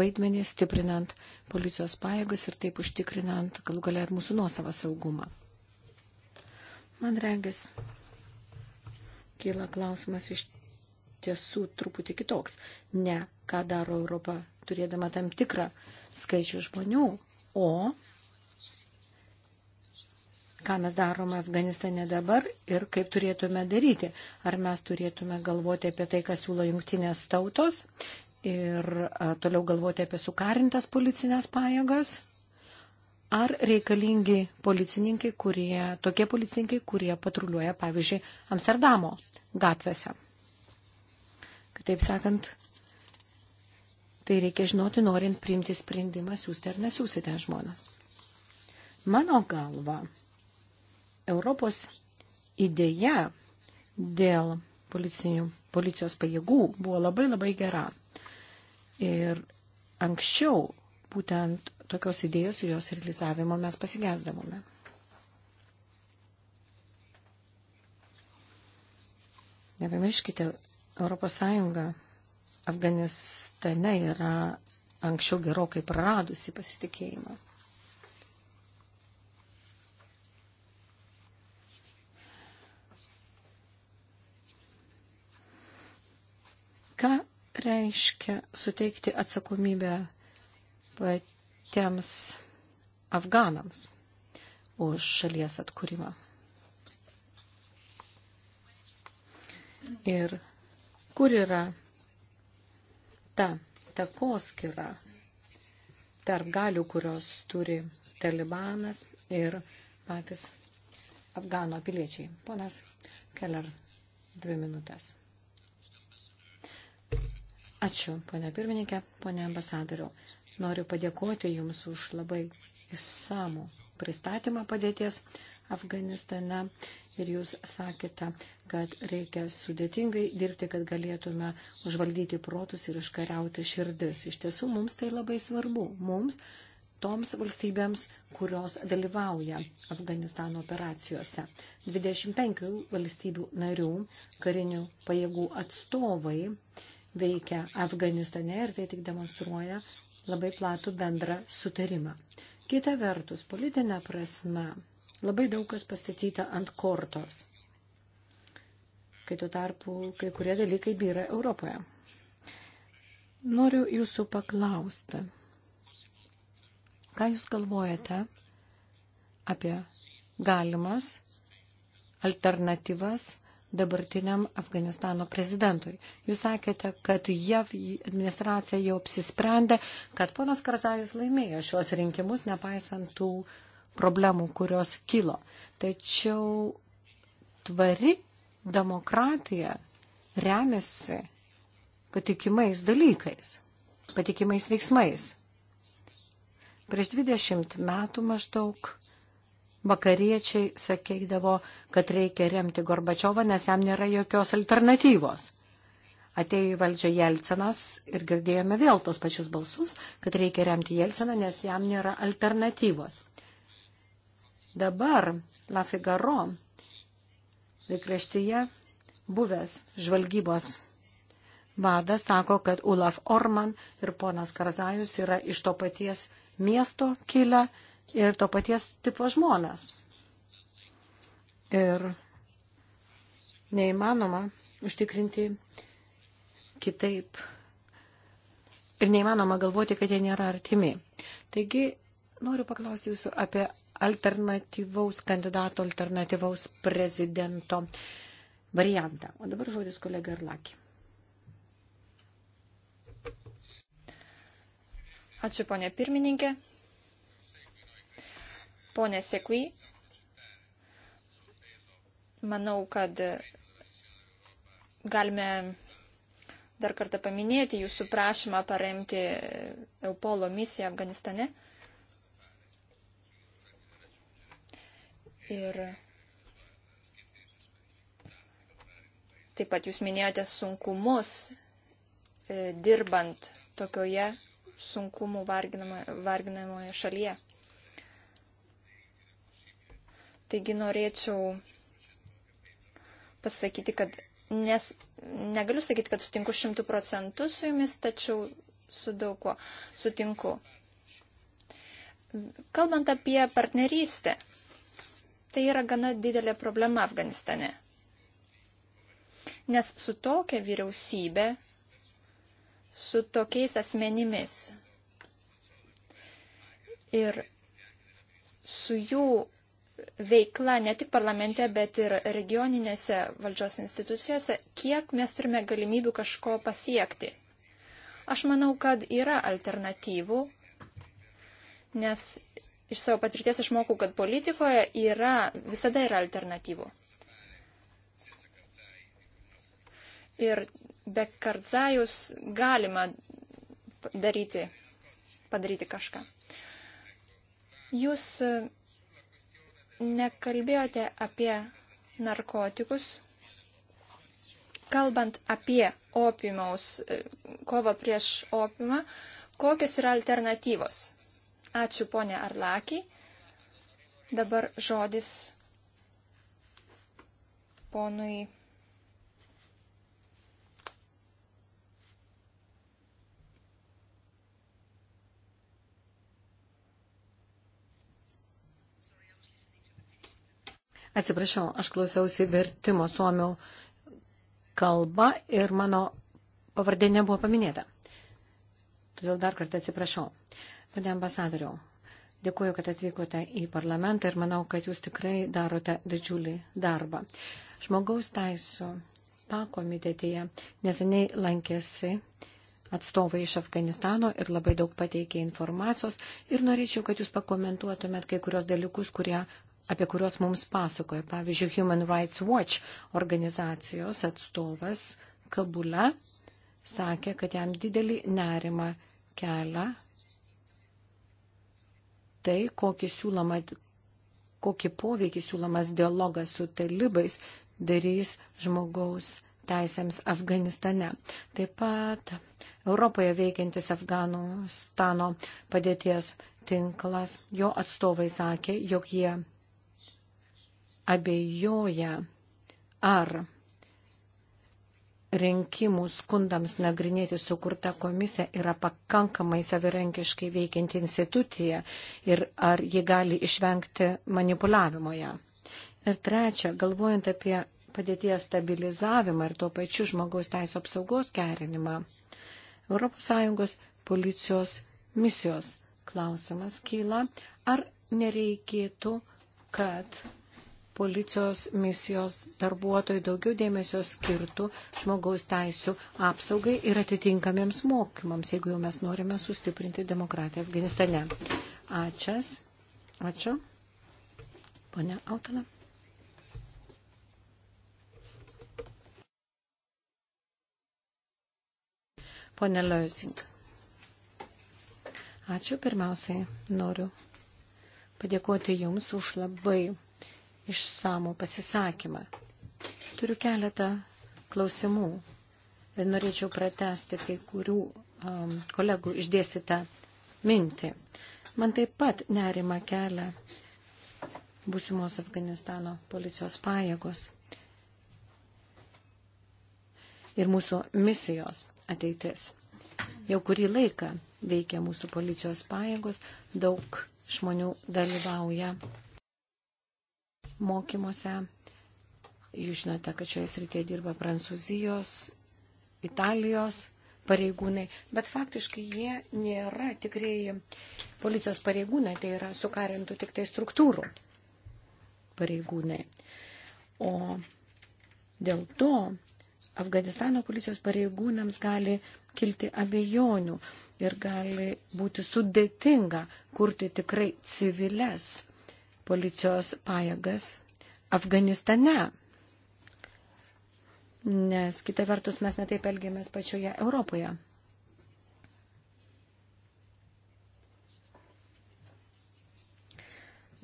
vaidmenį stiprinant policijos pajėgas ir taip užtikrinant galų galia ir mūsų nuosavą saugumą. Man regis, kyla klausimas iš tiesų truputį kitoks. Ne, ką daro Europa, turėdama tam tikrą skaičių žmonių, o ką mes darome Afganistane dabar ir kaip turėtume daryti. Ar mes turėtume galvoti apie tai, kas siūlo jungtinės tautos ir a, toliau galvoti apie sukarintas policinės pajėgas. Ar reikalingi policininkai, kurie, tokie policininkai, kurie patruliuoja, pavyzdžiui, Amsterdamo gatvėse. Kitaip sakant, tai reikia žinoti, norint priimti sprendimą, siūsti ar nesiūsti ten žmonės. Mano galva, Europos idėja dėl policijos pajėgų buvo labai labai gera. Ir anksčiau būtent tokios idėjos ir jos realizavimo mes pasigesdavome. Nepamirškite, ES Afganistane yra anksčiau gerokai praradusi pasitikėjimą. Ką reiškia suteikti atsakomybę patiems afganams už šalies atkūrimą? Ir kur yra ta takoskira tarp galių, kurios turi talibanas ir patys afgano piliečiai? Ponas Keller, dvi minutės. Ačiū, ponia pirmininkė, ponia ambasadoriu. Noriu padėkoti Jums už labai įsamų pristatymą padėties Afganistane ir Jūs sakėte, kad reikia sudėtingai dirbti, kad galėtume užvaldyti protus ir iškariauti širdis. Iš tiesų, mums tai labai svarbu. Mums, toms valstybėms, kurios dalyvauja Afganistano operacijose. 25 valstybių narių karinių pajėgų atstovai veikia Afganistane ir tai tik demonstruoja labai platų bendrą sutarimą. Kita vertus, politinė prasme, labai daug kas pastatyta ant kortos, kai tuo tarpu kai kurie dalykai vyra Europoje. Noriu jūsų paklausti, ką jūs galvojate apie galimas alternatyvas dabartiniam Afganistano prezidentui. Jūs sakėte, kad JAV administracija jau apsisprendė, kad ponas Karzajus laimėjo šios rinkimus, nepaisant tų problemų, kurios kilo. Tačiau tvari demokratija remiasi patikimais dalykais, patikimais veiksmais. Prieš 20 metų maždaug vakariečiai sakydavo, kad reikia remti Gorbačiovą, nes jam nėra jokios alternatyvos. Atėjo į valdžią Jelcenas ir girdėjome vėl tos pačius balsus, kad reikia remti Jelceną, nes jam nėra alternatyvos. Dabar La Figaro laikraštyje buvęs žvalgybos vadas sako, kad Ulaf Orman ir ponas Karzajus yra iš to paties miesto kilę ir to paties tipo žmonas. Ir neįmanoma užtikrinti kitaip. Ir neįmanoma galvoti, kad jie nėra artimi. Taigi, noriu paklausti jūsų apie alternatyvaus kandidato, alternatyvaus prezidento variantą. O dabar žodis kolega Arlaki. Ačiū, ponė pirmininkė. Pone Sekui, manau, kad galime dar kartą paminėti jūsų prašymą paremti Eupolo misiją Afganistane. Ir taip pat jūs minėjote sunkumus e, dirbant tokioje sunkumų varginamoje šalyje. Taigi norėčiau pasakyti, kad nes, negaliu sakyti, kad sutinku šimtų procentų su jumis, tačiau su daug kuo sutinku. Kalbant apie partnerystę, tai yra gana didelė problema Afganistane. Nes su tokia vyriausybė, su tokiais asmenimis ir su jų veikla ne tik parlamente, bet ir regioninėse valdžios institucijose, kiek mes turime galimybių kažko pasiekti. Aš manau, kad yra alternatyvų, nes iš savo patirties išmokau, kad politikoje yra, visada yra alternatyvų. Ir be kardzajus galima daryti, padaryti kažką. Jūs nekalbėjote apie narkotikus. Kalbant apie opimaus, e, kovą prieš opimą, kokios yra alternatyvos? Ačiū ponė Arlaki. Dabar žodis ponui Atsiprašau, aš klausiausi vertimo suomių kalba ir mano pavardė nebuvo paminėta. Todėl dar kartą atsiprašau. Pane ambasadoriau, dėkuoju, kad atvykote į parlamentą ir manau, kad jūs tikrai darote didžiulį darbą. Žmogaus teisų pakomitetėje neseniai lankėsi atstovai iš Afganistano ir labai daug pateikė informacijos ir norėčiau, kad jūs pakomentuotumėt kai kurios dalykus, kurie apie kuriuos mums pasakoja. Pavyzdžiui, Human Rights Watch organizacijos atstovas Kabule sakė, kad jam didelį nerimą kelia tai, kokį, siūloma, kokį poveikį siūlomas dialogas su talibais darys žmogaus teisėms Afganistane. Taip pat Europoje veikiantis Afganistano padėties tinklas, jo atstovai sakė, jog jie abejoja, ar rinkimų skundams nagrinėti sukurta komisija yra pakankamai savarankiškai veikianti institucija ir ar ji gali išvengti manipulavimo ją. Ir trečia, galvojant apie padėties stabilizavimą ir tuo pačiu žmogaus teisų apsaugos gerinimą, ES policijos misijos klausimas kyla, ar nereikėtų, kad policijos misijos darbuotojai daugiau dėmesio skirtų žmogaus teisų apsaugai ir atitinkamiems mokymams, jeigu jau mes norime sustiprinti demokratiją Afganistane. Ačias. Ačiū. Pone Autola. Pone Leusink. Ačiū pirmiausiai. Noriu padėkoti Jums už labai išsamų pasisakymą. Turiu keletą klausimų ir norėčiau pratesti kai kurių um, kolegų išdėstytą mintį. Man taip pat nerima kelia būsimos Afganistano policijos pajėgos ir mūsų misijos ateitis. Jau kurį laiką veikia mūsų policijos pajėgos, daug žmonių dalyvauja mokymuose. Jūs žinote, kad šioje srityje dirba Prancūzijos, Italijos pareigūnai, bet faktiškai jie nėra tikrieji policijos pareigūnai, tai yra sukarintų tik tai struktūrų pareigūnai. O dėl to Afganistano policijos pareigūnams gali kilti abejonių ir gali būti sudėtinga kurti tikrai civiles policijos pajėgas Afganistane. Nes kita vertus mes netaip elgiamės pačioje Europoje.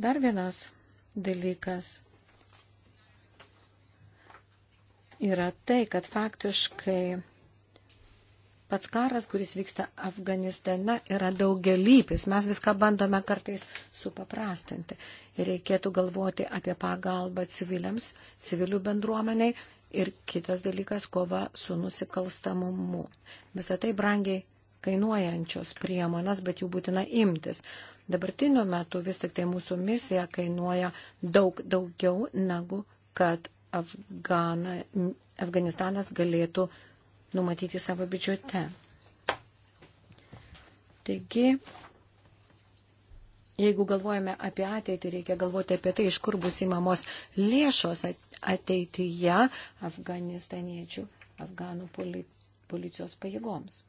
Dar vienas dalykas yra tai, kad faktiškai pats karas, kuris vyksta Afganistane, yra daugelypis. Mes viską bandome kartais supaprastinti. Ir reikėtų galvoti apie pagalbą civiliams, civilių bendruomeniai ir kitas dalykas - kova su nusikalstamumu. Visą tai brangiai kainuojančios priemonės, bet jų būtina imtis. Dabartiniu metu vis tik tai mūsų misija kainuoja daug daugiau negu kad Afgana, Afganistanas galėtų numatyti savo biudžete. Taigi, jeigu galvojame apie ateitį, reikia galvoti apie tai, iš kur bus įmamos lėšos ateityje afganistaniečių, afganų policijos pajėgoms.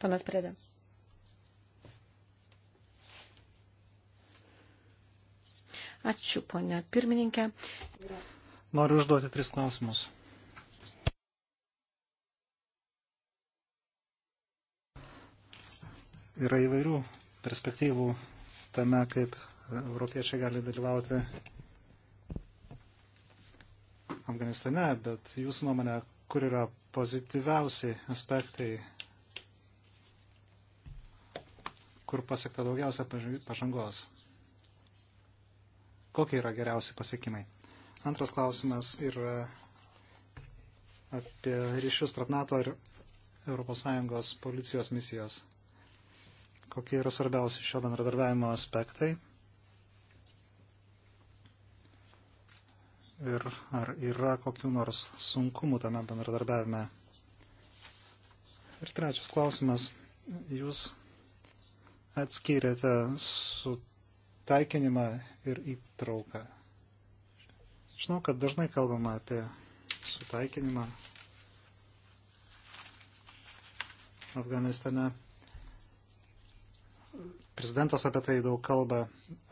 Panas Preda. Ačiū, ponia pirmininkė. Noriu užduoti tris klausimus. Yra įvairių perspektyvų tame, kaip europiečiai gali dalyvauti Afganistane, bet jūsų nuomonė, kur yra pozityviausiai aspektai, kur pasiekta daugiausia pažangos? kokie yra geriausi pasiekimai. Antras klausimas yra apie ryšius tarp NATO ir ES policijos misijos. Kokie yra svarbiausi šio bendradarbiavimo aspektai? Ir ar yra kokių nors sunkumų tame bendradarbiavime? Ir trečias klausimas. Jūs atskyrėte su taikinimą ir įtrauką. Žinau, kad dažnai kalbama apie sutaikinimą Afganistane. Prezidentas apie tai daug kalba.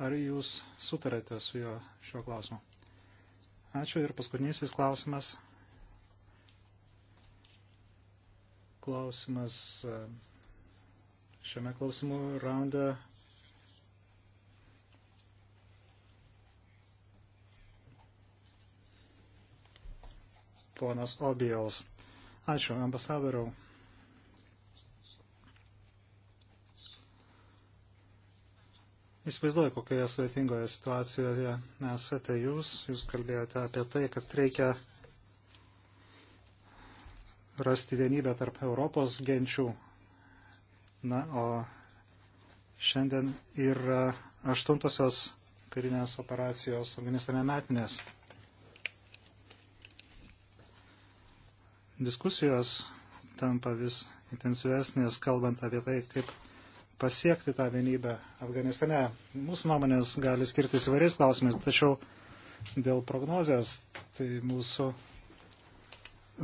Ar jūs sutarėte su juo šiuo klausimu? Ačiū ir paskutinysis klausimas. Klausimas e, šiame klausimų raunde ponas Obijols. Ačiū, ambasadoriau. Įsivaizduoju, kokioje sudėtingoje situacijoje esate jūs. Jūs kalbėjote apie tai, kad reikia rasti vienybę tarp Europos genčių. Na, o šiandien yra aštuntosios karinės operacijos Afganistane metinės. diskusijos tampa vis intensyvesnės, kalbant apie tai, kaip pasiekti tą vienybę Afganistane. Mūsų nuomonės gali skirtis įvairiais klausimais, tačiau dėl prognozijos, tai mūsų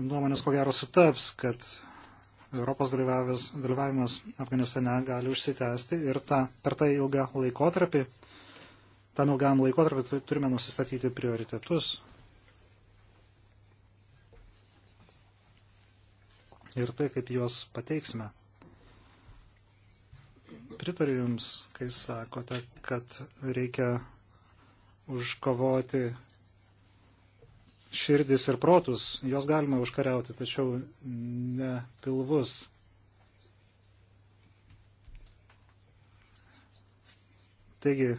nuomonės ko gero sutaps, kad Europos dalyvavimas Afganistane gali užsitęsti ir ta, per tą ilgą laikotarpį, tam ilgam laikotarpį turime nusistatyti prioritetus, ir tai, kaip juos pateiksime. Pritariu Jums, kai sakote, kad reikia užkovoti širdis ir protus. Jos galima užkariauti, tačiau ne pilvus. Taigi,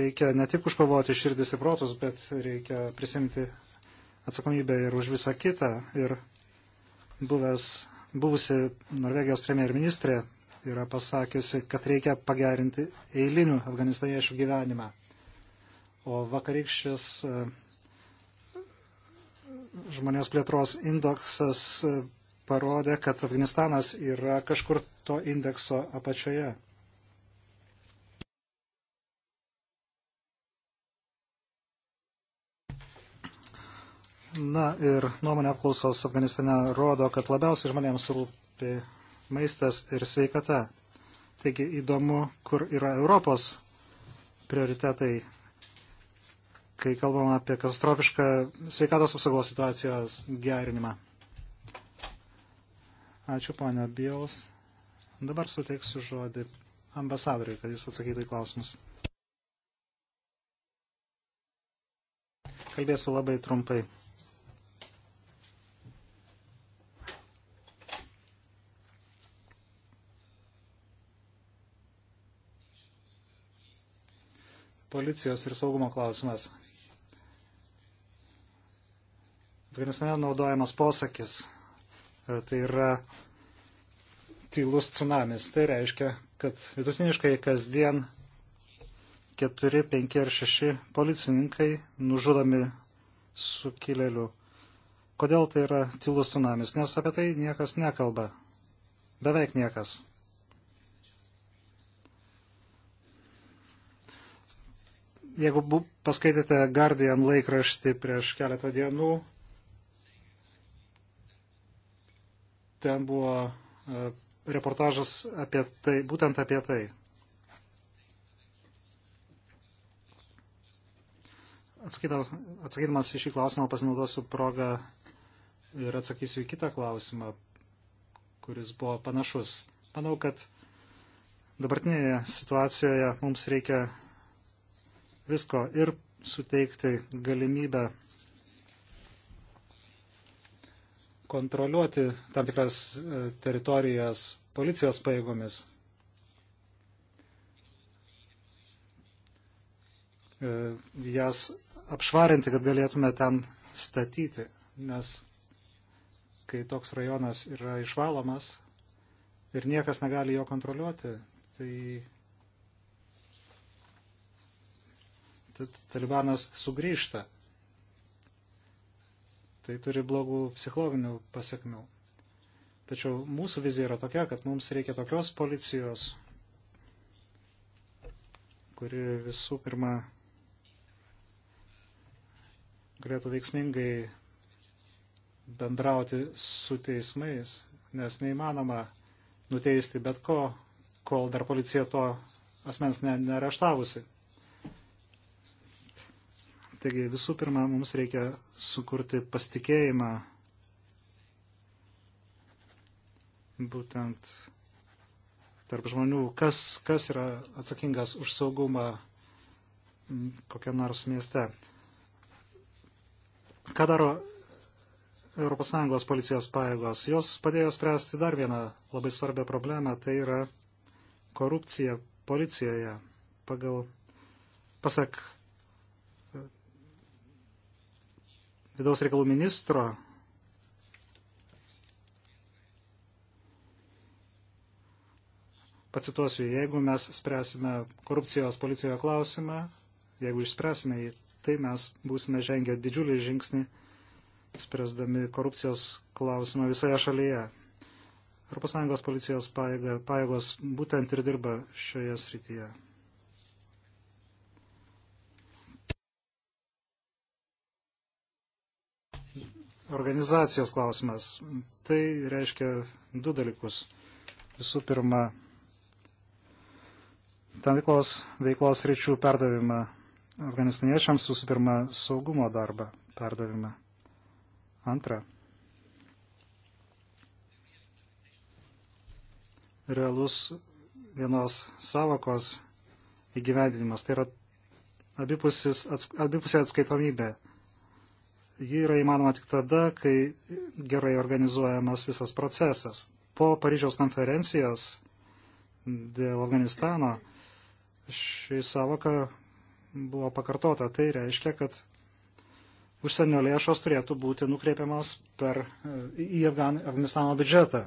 reikia ne tik užkovoti širdis ir protus, bet reikia prisimti atsakomybę ir už visą kitą. Ir buvęs, buvusi Norvegijos premjerministrė yra pasakiusi, kad reikia pagerinti eilinių afganistaniečių gyvenimą. O vakarykščias e, žmonės plėtros indeksas e, parodė, kad Afganistanas yra kažkur to indekso apačioje. Na ir nuomonė apklausos Afganistane rodo, kad labiausiai žmonėms rūpi maistas ir sveikata. Taigi įdomu, kur yra Europos prioritetai, kai kalbam apie katastrofišką sveikatos apsaugos situacijos gerinimą. Ačiū, ponia Biels. Dabar suteiksiu žodį ambasadoriui, kad jis atsakytų į klausimus. Kalbėsiu labai trumpai. policijos ir saugumo klausimas. Afganistane naudojamas posakis. E, tai yra tylus tsunamis. Tai reiškia, kad vidutiniškai kasdien 4, 5 ar 6 policininkai nužudomi sukilėlių. Kodėl tai yra tylus tsunamis? Nes apie tai niekas nekalba. Beveik niekas. Jeigu paskaitėte Guardian laikraštį prieš keletą dienų, ten buvo e, reportažas apie tai, būtent apie tai. Atsakydamas į šį klausimą pasinaudosiu progą ir atsakysiu į kitą klausimą, kuris buvo panašus. Manau, kad dabartinėje situacijoje mums reikia visko ir suteikti galimybę kontroliuoti tam tikras e, teritorijas policijos pajėgomis. E, jas apšvarinti, kad galėtume ten statyti, nes kai toks rajonas yra išvalomas ir niekas negali jo kontroliuoti, tai Talibanas sugrįžta. Tai turi blogų psichologinių pasiekmių. Tačiau mūsų vizija yra tokia, kad mums reikia tokios policijos, kuri visų pirma galėtų veiksmingai bendrauti su teismais, nes neįmanoma nuteisti bet ko, kol dar policija to asmens neraštavusi. Ne Taigi visų pirma, mums reikia sukurti pasitikėjimą būtent tarp žmonių, kas, kas yra atsakingas už saugumą kokią nors mieste. Ką daro ES policijos pajėgos? Jos padėjo spręsti dar vieną labai svarbią problemą, tai yra korupcija policijoje pagal, pasak vidaus reikalų ministro pacituosiu, jeigu mes spręsime korupcijos policijoje klausimą, jeigu išspręsime jį, tai mes būsime žengę didžiulį žingsnį, spręsdami korupcijos klausimą visoje šalyje. ES policijos pajėgos būtent ir dirba šioje srityje. organizacijos klausimas. Tai reiškia du dalykus. Visų pirma, tam veiklos, veiklos ryčių perdavimą afganistaniečiams, visų pirma, saugumo darbą perdavimą. Antra. Realus vienos savokos įgyvendinimas. Tai yra abipusė atskaitomybė ji yra įmanoma tik tada, kai gerai organizuojamas visas procesas. Po Paryžiaus konferencijos dėl Afganistano šį savoką buvo pakartota. Tai reiškia, kad užsienio lėšos turėtų būti nukreipiamas per, į Afganistano biudžetą.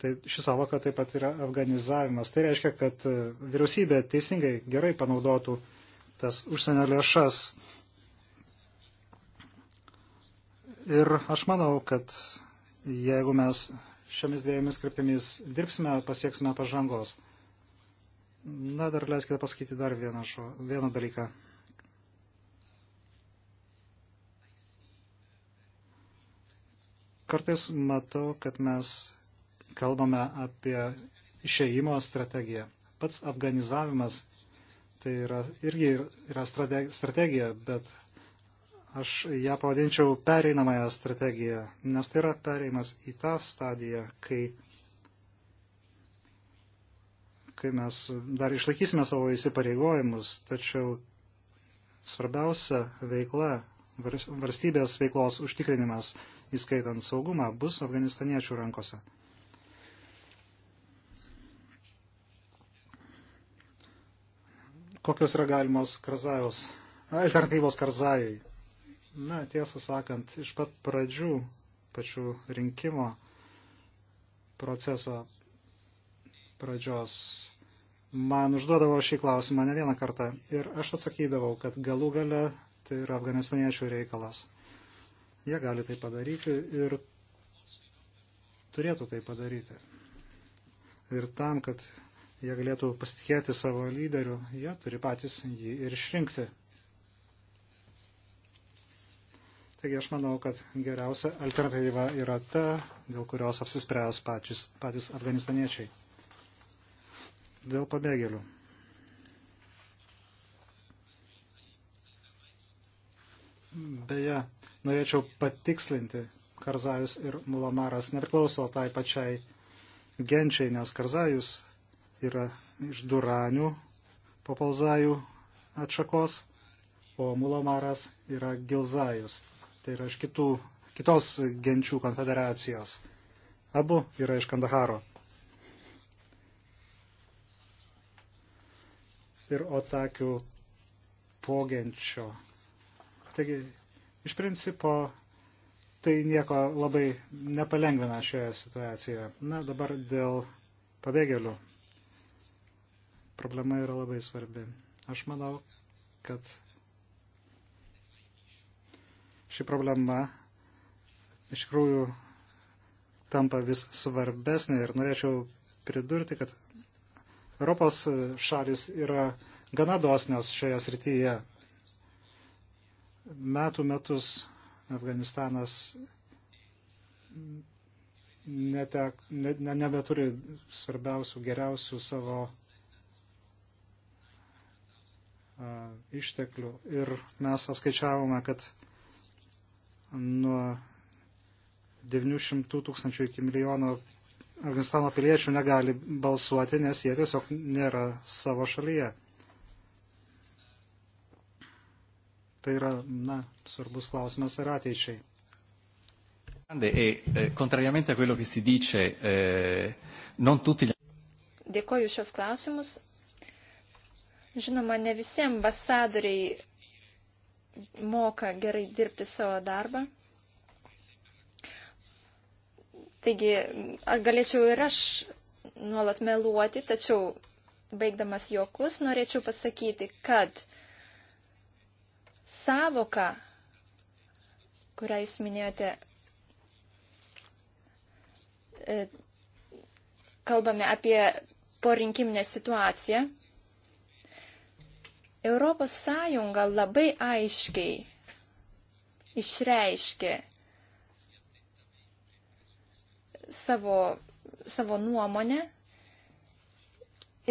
Tai ši savoka taip pat yra afganizavimas. Tai reiškia, kad vyriausybė teisingai gerai panaudotų uh, tas užsienio lėšas. Ir aš manau, kad jeigu mes šiomis dviejomis kryptimis dirbsime, pasieksime pažangos. Na, dar leiskite pasakyti dar vieną, šo, vieną dalyką. Kartais matau, kad mes kalbame apie išėjimo strategiją. Pats afganizavimas tai yra, irgi yra strategija, bet aš ją pavadinčiau pereinamąją strategiją, nes tai yra pereimas į tą stadiją, kai, kai mes dar išlaikysime savo įsipareigojimus, tačiau svarbiausia veikla, valstybės veiklos užtikrinimas, įskaitant saugumą, bus afganistaniečių rankose. kokios yra galimos Karzajos, alternatyvos Karzajui. Na, tiesą sakant, iš pat pradžių pačių rinkimo proceso pradžios man užduodavo šį klausimą ne vieną kartą ir aš atsakydavau, kad galų gale tai yra afganistaniečių reikalas. Jie gali tai padaryti ir turėtų tai padaryti. Ir tam, kad jie galėtų pasitikėti savo lyderiu, jie turi patys jį ir išrinkti. Taigi aš manau, kad geriausia alternatyva yra ta, dėl kurios apsispręs patys, patys afganistaniečiai. Dėl pabėgėlių. Beje, norėčiau patikslinti, Karzajus ir Mulamaras nepriklauso tai pačiai genčiai, nes Karzajus yra iš Duranių popolzajų atšakos, o Mulomaras yra Gilzajus, tai yra iš kitų, kitos genčių konfederacijos. Abu yra iš Kandaharo. Ir Otakių pogenčio. Taigi, iš principo, tai nieko labai nepalengvina šioje situacijoje. Na, dabar dėl pabėgėlių problema yra labai svarbi. Aš manau, kad ši problema iš tikrųjų tampa vis svarbesnė ir norėčiau pridurti, kad Europos šalis yra gana dosnios šioje srityje. Metų metus Afganistanas netek, ne, ne, nebeturi svarbiausių, geriausių savo išteklių. Ir mes apskaičiavome, kad nuo 900 tūkstančių iki milijono Afganistano piliečių negali balsuoti, nes jie tiesiog nėra savo šalyje. Tai yra, na, svarbus klausimas ir ateičiai. E, e, eh, Dėkoju šios klausimus. Žinoma, ne visi ambasadoriai moka gerai dirbti savo darbą. Taigi, ar galėčiau ir aš nuolat meluoti, tačiau baigdamas juokus norėčiau pasakyti, kad savoka, kurią jūs minėjote, e, kalbame apie porinkiminę situaciją, Europos Sąjunga labai aiškiai išreiškė savo, savo nuomonę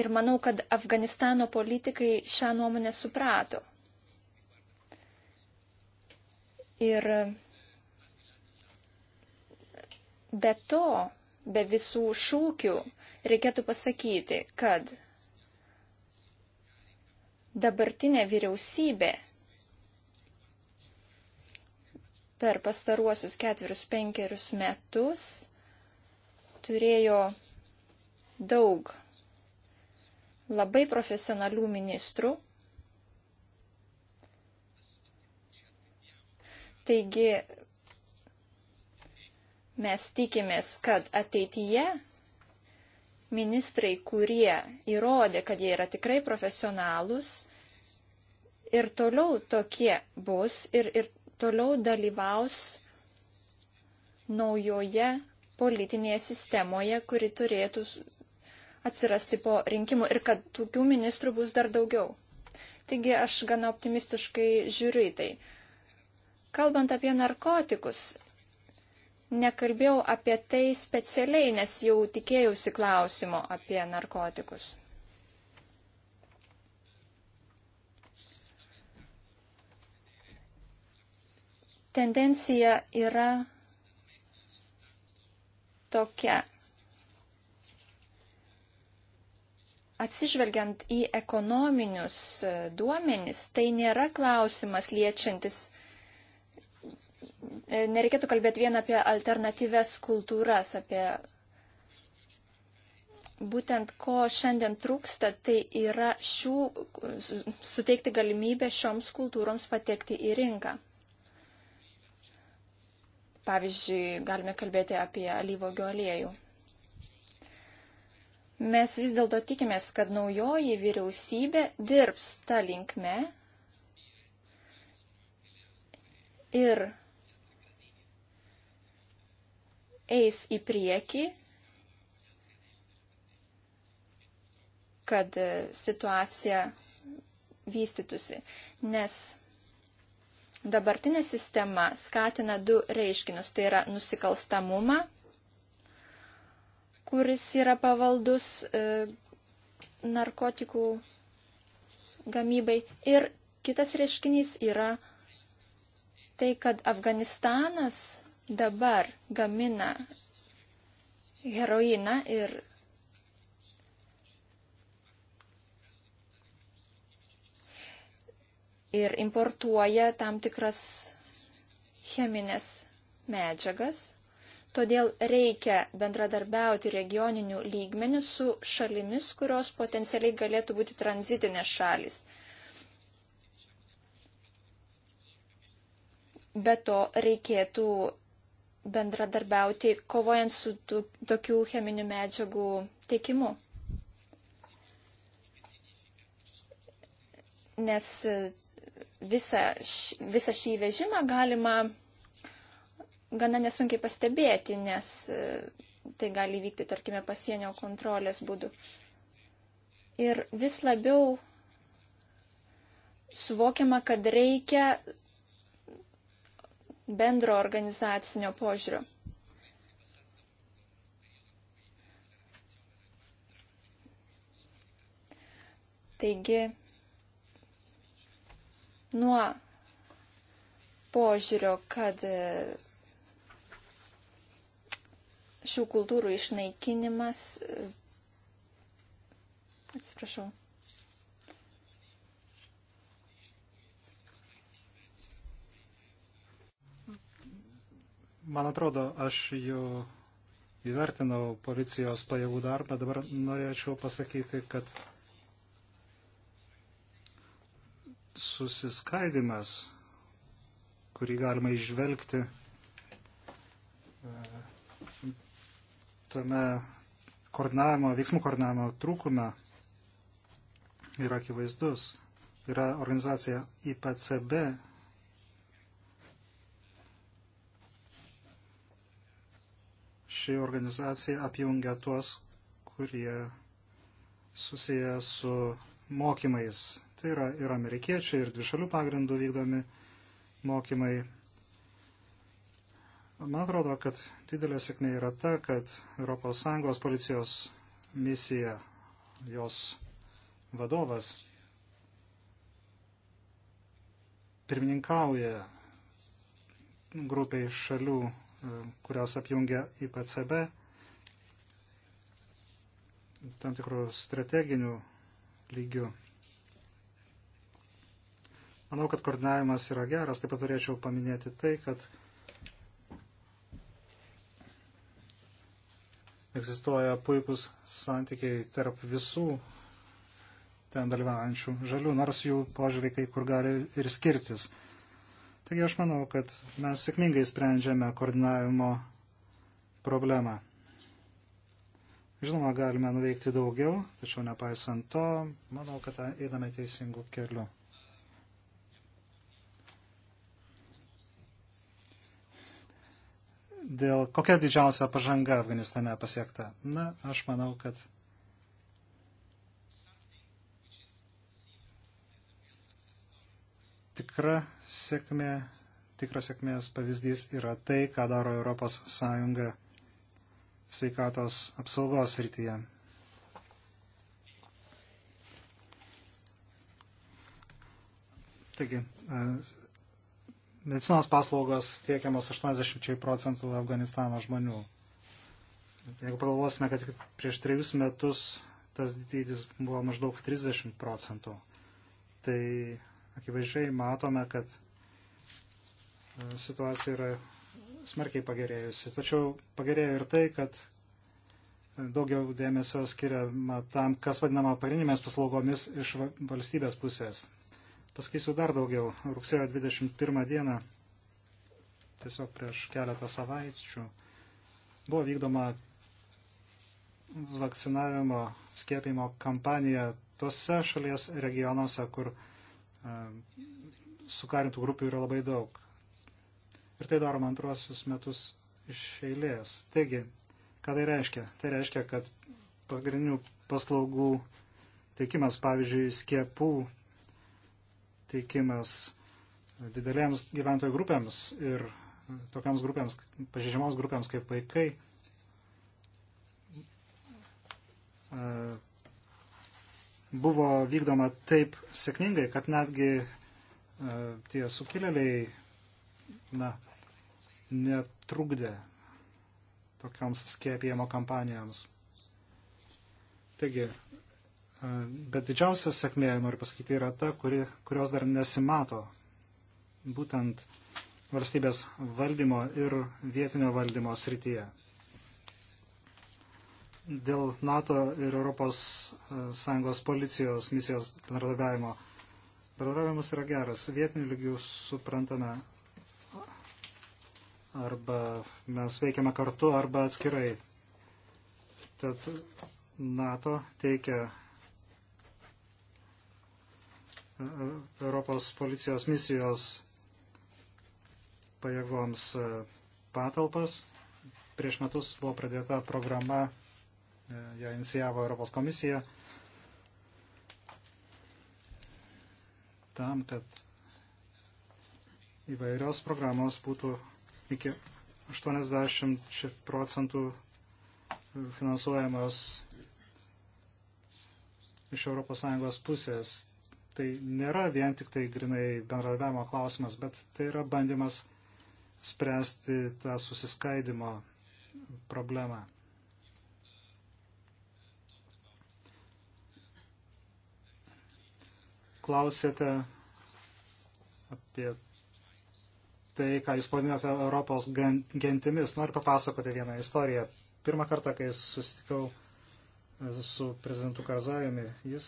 ir manau, kad Afganistano politikai šią nuomonę suprato. Ir be to, be visų šūkių, reikėtų pasakyti, kad dabartinė vyriausybė per pastaruosius ketverius penkerius metus turėjo daug labai profesionalių ministrų. Taigi mes tikimės, kad ateityje ministrai, kurie įrodė, kad jie yra tikrai profesionalūs ir toliau tokie bus ir, ir toliau dalyvaus naujoje politinėje sistemoje, kuri turėtų atsirasti po rinkimų ir kad tokių ministrų bus dar daugiau. Taigi aš gana optimistiškai žiūriu į tai. Kalbant apie narkotikus, nekalbėjau apie tai specialiai, nes jau tikėjausi klausimo apie narkotikus. Tendencija yra tokia. Atsižvelgiant į ekonominius duomenis, tai nėra klausimas liečiantis E, nereikėtų kalbėti vien apie alternatyves kultūras, apie būtent ko šiandien trūksta, tai yra šių, suteikti galimybę šioms kultūroms patekti į rinką. Pavyzdžiui, galime kalbėti apie alyvogio aliejų. Mes vis dėlto tikimės, kad naujoji vyriausybė dirbs tą linkme ir eis į priekį, kad e, situacija vystytųsi, nes dabartinė sistema skatina du reiškinius, tai yra nusikalstamumą, kuris yra pavaldus e, narkotikų gamybai, ir kitas reiškinys yra tai, kad Afganistanas dabar gamina heroiną ir ir importuoja tam tikras cheminės medžiagas. Todėl reikia bendradarbiauti regioninių lygmenių su šalimis, kurios potencialiai galėtų būti tranzitinės šalis. Be to reikėtų bendradarbiauti, kovojant su tokių cheminių medžiagų tiekimu. Nes visą, visą šį vežimą galima gana nesunkiai pastebėti, nes e, tai gali vykti, tarkime, pasienio kontrolės būdu. Ir vis labiau suvokiama, kad reikia bendro organizacinio požiūrio. Taigi, nuo požiūrio, kad e, šių kultūrų išnaikinimas. E, atsiprašau. Man atrodo, aš jau įvertinau policijos pajėgų darbą, dabar norėčiau pasakyti, kad susiskaidimas, kurį galima išvelgti tame koordinavimo, veiksmų koordinavimo trūkume, yra akivaizdus. Yra organizacija IPCB, ši organizacija apjungia tuos, kurie susiję su mokymais. Tai yra ir amerikiečiai, ir dvišalių pagrindų vykdomi mokymai. Man atrodo, kad didelė sėkmė yra ta, kad ES policijos misija, jos vadovas pirmininkauja grupiai šalių kurios apjungia IPCB, tam tikrų strateginių lygių. Manau, kad koordinavimas yra geras, taip pat turėčiau paminėti tai, kad egzistuoja puikus santykiai tarp visų ten dalyvaujančių žalių, nors jų požiūriai kai kur gali ir skirtis. Taigi aš manau, kad mes sėkmingai sprendžiame koordinavimo problemą. Žinoma, galime nuveikti daugiau, tačiau nepaisant to, manau, kad eidame teisingų kelių. Dėl kokia didžiausia pažanga Afganistane pasiekta? Na, aš manau, kad tikra sėkmė, tikras sėkmės pavyzdys yra tai, ką daro ES sveikatos apsaugos rytyje. Taigi, e, medicinos paslaugos tiekiamos 80 procentų Afganistano žmonių. Jeigu pagalvosime, kad prieš trejus metus tas dydis buvo maždaug 30 procentų, tai akivaizdžiai matome, kad e, situacija yra smarkiai pagerėjusi. Tačiau pagerėjo ir tai, kad daugiau dėmesio skiriama tam, kas vadinama pagrindinėmis paslaugomis iš valstybės pusės. Pasakysiu dar daugiau. Rugsėjo 21 dieną, tiesiog prieš keletą savaičių, buvo vykdoma vakcinavimo skiepimo kampanija tose šalies regionuose, kur sukarintų grupių yra labai daug. Ir tai daroma antrosius metus iš eilės. Taigi, ką tai reiškia? Tai reiškia, kad pagrindinių paslaugų teikimas, pavyzdžiui, skiepų teikimas didelėms gyventojų grupėms ir tokiams grupėms, pažeidžiamoms grupėms kaip vaikai, e, buvo vykdoma taip sėkmingai, kad netgi e, tie sukilėliai na, netrukdė tokioms skėpėjimo kampanijoms. Taigi, e, bet didžiausia sėkmė, noriu pasakyti, yra ta, kuri, kurios dar nesimato. Būtent valstybės valdymo ir vietinio valdymo srityje dėl NATO ir ES e, policijos misijos bendradarbiavimo. Bendradarbiavimas yra geras. Vietinių lygių suprantame arba mes veikiame kartu arba atskirai. Tad NATO teikia e, Europos policijos misijos pajėgoms e, patalpas. Prieš metus buvo pradėta programa ją inicijavo Europos komisija, tam, kad įvairios programos būtų iki 80 procentų finansuojamos iš ES pusės. Tai nėra vien tik tai grinai bendradarbiavimo klausimas, bet tai yra bandymas spręsti tą susiskaidimo problemą. klausėte apie tai, ką jūs pavadinote Europos gentimis. Noriu papasakoti vieną istoriją. Pirmą kartą, kai susitikau e, su prezidentu Karzajumi, jis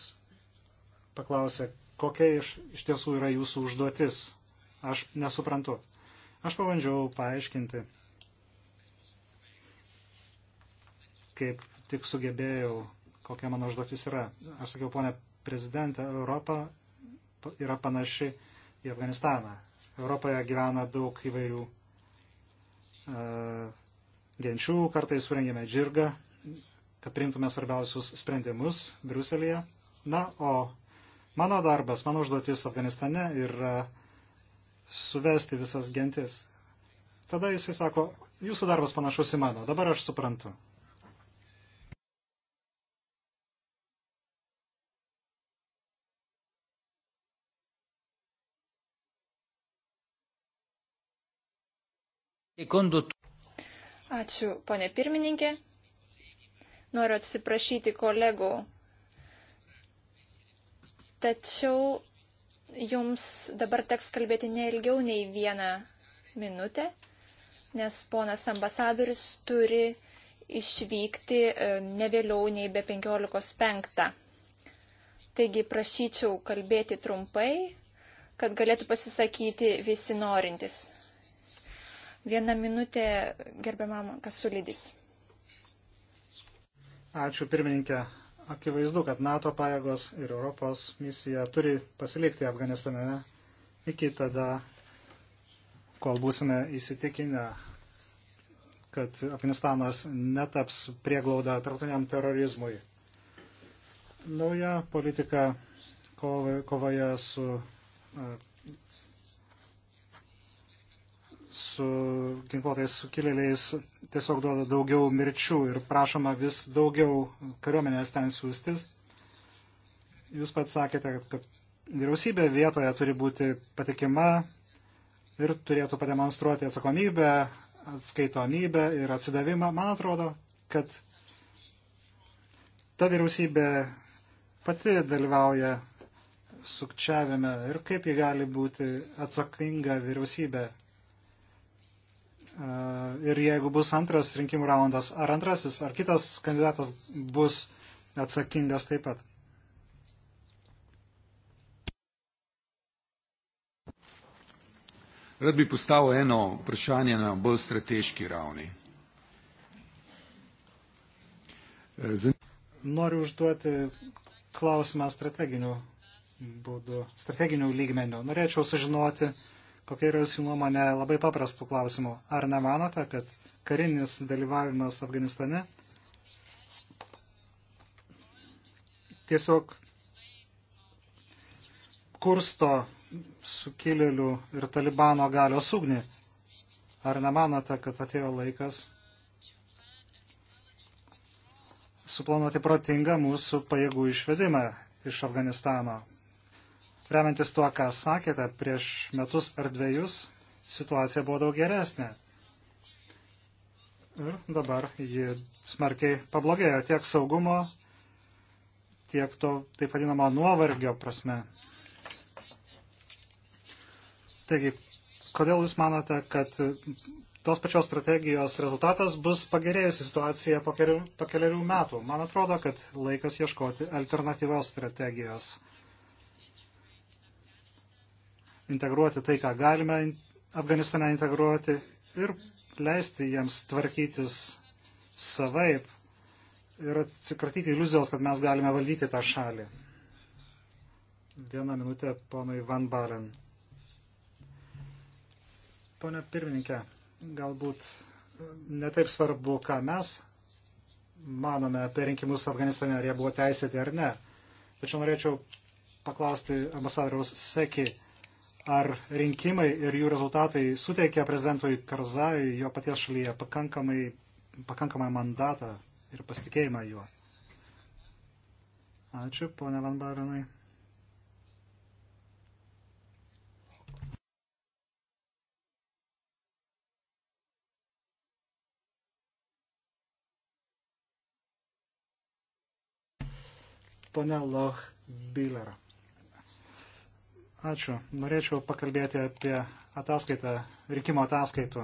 paklausė, kokia iš, iš tiesų yra jūsų užduotis. Aš nesuprantu. Aš pabandžiau paaiškinti, kaip tik sugebėjau, kokia mano užduotis yra. Aš sakiau, ponė prezidentė, Europa yra panaši į Afganistaną. Europoje gyvena daug įvairių uh, genčių, kartais surengėme džirgą, kad priimtume svarbiausius sprendimus Briuselėje. Na, o mano darbas, mano užduotis Afganistane yra suvesti visas gentis. Tada jisai sako, jūsų darbas panašus į mano, dabar aš suprantu. Ačiū, ponė pirmininkė. Noriu atsiprašyti kolegų. Tačiau jums dabar teks kalbėti ne ilgiau nei vieną minutę, nes ponas ambasadoris turi išvykti e, ne vėliau nei be 15.5. Taigi prašyčiau kalbėti trumpai, kad galėtų pasisakyti visi norintys. Viena minutė gerbiamam Kasulidis. Ačiū pirmininkė. Akivaizdu, kad NATO pajėgos ir Europos misija turi pasilikti Afganistane iki tada, kol būsime įsitikinę, kad Afganistanas netaps prieglauda tarptautiniam terorizmui. Nauja politika kovoje su su ginkluotais sukilėliais tiesiog duoda daugiau mirčių ir prašoma vis daugiau kariuomenės ten siūstis. Jūs pats sakėte, kad, kad vyriausybė vietoje turi būti patikima ir turėtų pademonstruoti atsakomybę, atskaitomybę ir atsidavimą. Man atrodo, kad ta vyriausybė pati dalyvauja sukčiavime ir kaip ji gali būti atsakinga vyriausybė Uh, ir jeigu bus antras rinkimų raundas, ar antrasis, ar kitas kandidatas bus atsakingas taip pat. Rad bi postavil eno vprašanje na bolj strateški ravni. Eh, zan... Noriu užduoti klausimą strateginiu būdu, strateginiu lygmeniu. Norėčiau sužinoti, uh, Kokia yra jūsų nuomonė labai paprastų klausimų? Ar nemanote, kad karinis dalyvavimas Afganistane tiesiog kursto sukilėlių ir talibano galios ugnį? Ar nemanote, kad atėjo laikas suplanuoti protingą mūsų pajėgų išvedimą iš Afganistano? remiantis tuo, ką sakėte, prieš metus ar dviejus situacija buvo daug geresnė. Ir dabar ji smarkiai pablogėjo tiek saugumo, tiek to taip vadinamo nuovargio prasme. Taigi, kodėl Jūs manote, kad tos pačios strategijos rezultatas bus pagerėjusi situacija po keliarių metų? Man atrodo, kad laikas ieškoti alternatyvios strategijos integruoti tai, ką galime Afganistane integruoti ir leisti jiems tvarkytis savaip ir atsikratyti iliuzijos, kad mes galime valdyti tą šalį. Vieną minutę ponui Van Balen. Pone pirmininkė, galbūt netaip svarbu, ką mes manome apie rinkimus Afganistane, ar jie buvo teisėti ar ne. Tačiau norėčiau paklausti ambasadoriaus Seki ar rinkimai ir jų rezultatai suteikia prezidentui Karzajui jo paties šalyje pakankamai, pakankamą mandatą ir pasitikėjimą juo. Ačiū, ponia Van Barenai. Pone Loch Bilera. Ačiū. Norėčiau pakalbėti apie ataskaitą, rinkimo ataskaitų.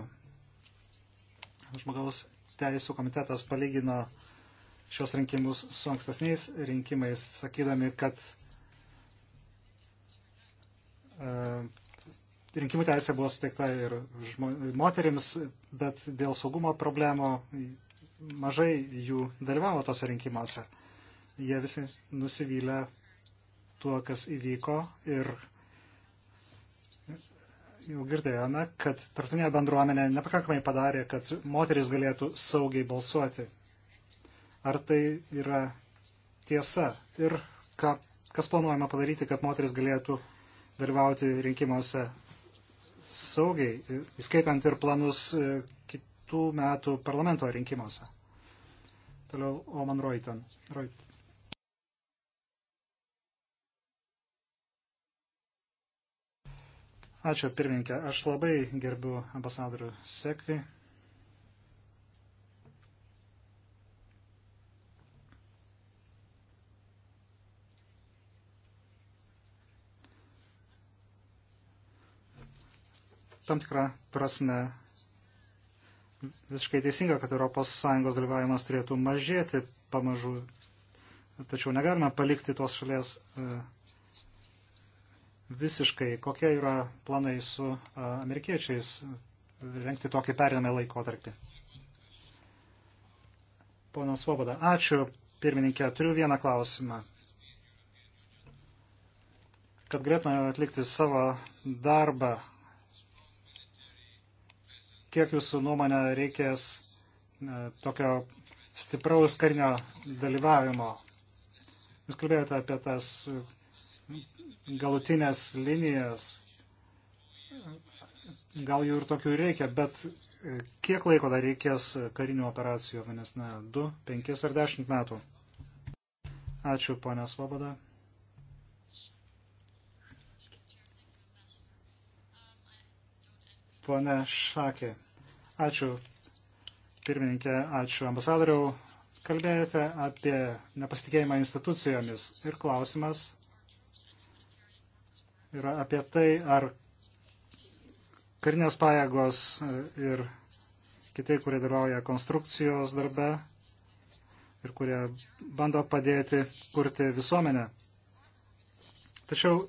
Žmogaus teisų komitetas palygino šios rinkimus su ankstesniais rinkimais, sakydami, kad e, rinkimų teisė buvo suteikta ir moterims, bet dėl saugumo problemų mažai jų dalyvavo tose rinkimuose. Jie visi nusivylę tuo, kas įvyko ir jau girdėjome, kad tartunė bendruomenė nepakankamai padarė, kad moteris galėtų saugiai balsuoti. Ar tai yra tiesa? Ir ką, kas planuojama padaryti, kad moteris galėtų dalyvauti rinkimuose saugiai, įskaitant ir planus e, kitų metų parlamento rinkimuose? Toliau Oman Reuton. Reut. Ačiū pirmininkė. Aš labai gerbiu ambasadorių Sekvi. Tam tikrą prasme visiškai teisinga, kad ES dalyvavimas turėtų mažėti pamažu, tačiau negalime palikti tos šalies uh, visiškai, kokie yra planai su amerikiečiais rengti tokį perinamą laikotarpį. Ponas Svoboda, ačiū pirmininkė, turiu vieną klausimą. Kad galėtume atlikti savo darbą, kiek jūsų nuomonė reikės tokio stipraus karinio dalyvavimo? Jūs kalbėjote apie tas galutinės linijas. Gal jų ir tokių reikia, bet e, kiek laiko dar reikės karinių operacijų, nes ne, 2, 5 ar 10 metų. Ačiū, ponė Svoboda. Pone Šakė, ačiū pirmininkė, ačiū ambasadoriau. Kalbėjote apie nepasitikėjimą institucijomis ir klausimas yra apie tai, ar karinės pajėgos e, ir kiti, kurie dalyvauja konstrukcijos darbe ir kurie bando padėti kurti visuomenę. Tačiau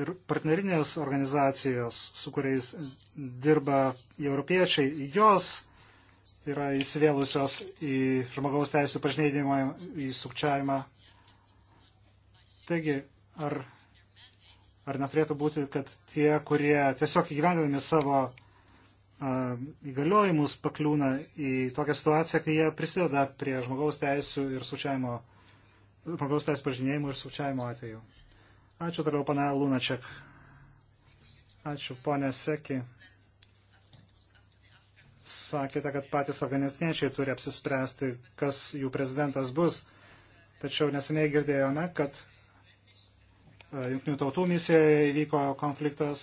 ir partnerinės organizacijos, su kuriais dirba europiečiai, jos yra įsivėlusios į žmogaus teisų pažneidimą, į sukčiavimą. Taigi, ar Ar neturėtų būti, kad tie, kurie tiesiog įgyvendinami savo įgaliojimus pakliūna į tokią situaciją, kai jie prisideda prie žmogaus teisų ir sučiajimo, žmogaus teisų pažinėjimų ir sučiajimo atveju. Ačiū toliau, pana Lunačiak. Ačiū, ponė Seki. Sakėte, kad patys afganistaniečiai turi apsispręsti, kas jų prezidentas bus. Tačiau neseniai girdėjome, kad Junktinių tautų misijoje įvyko konfliktas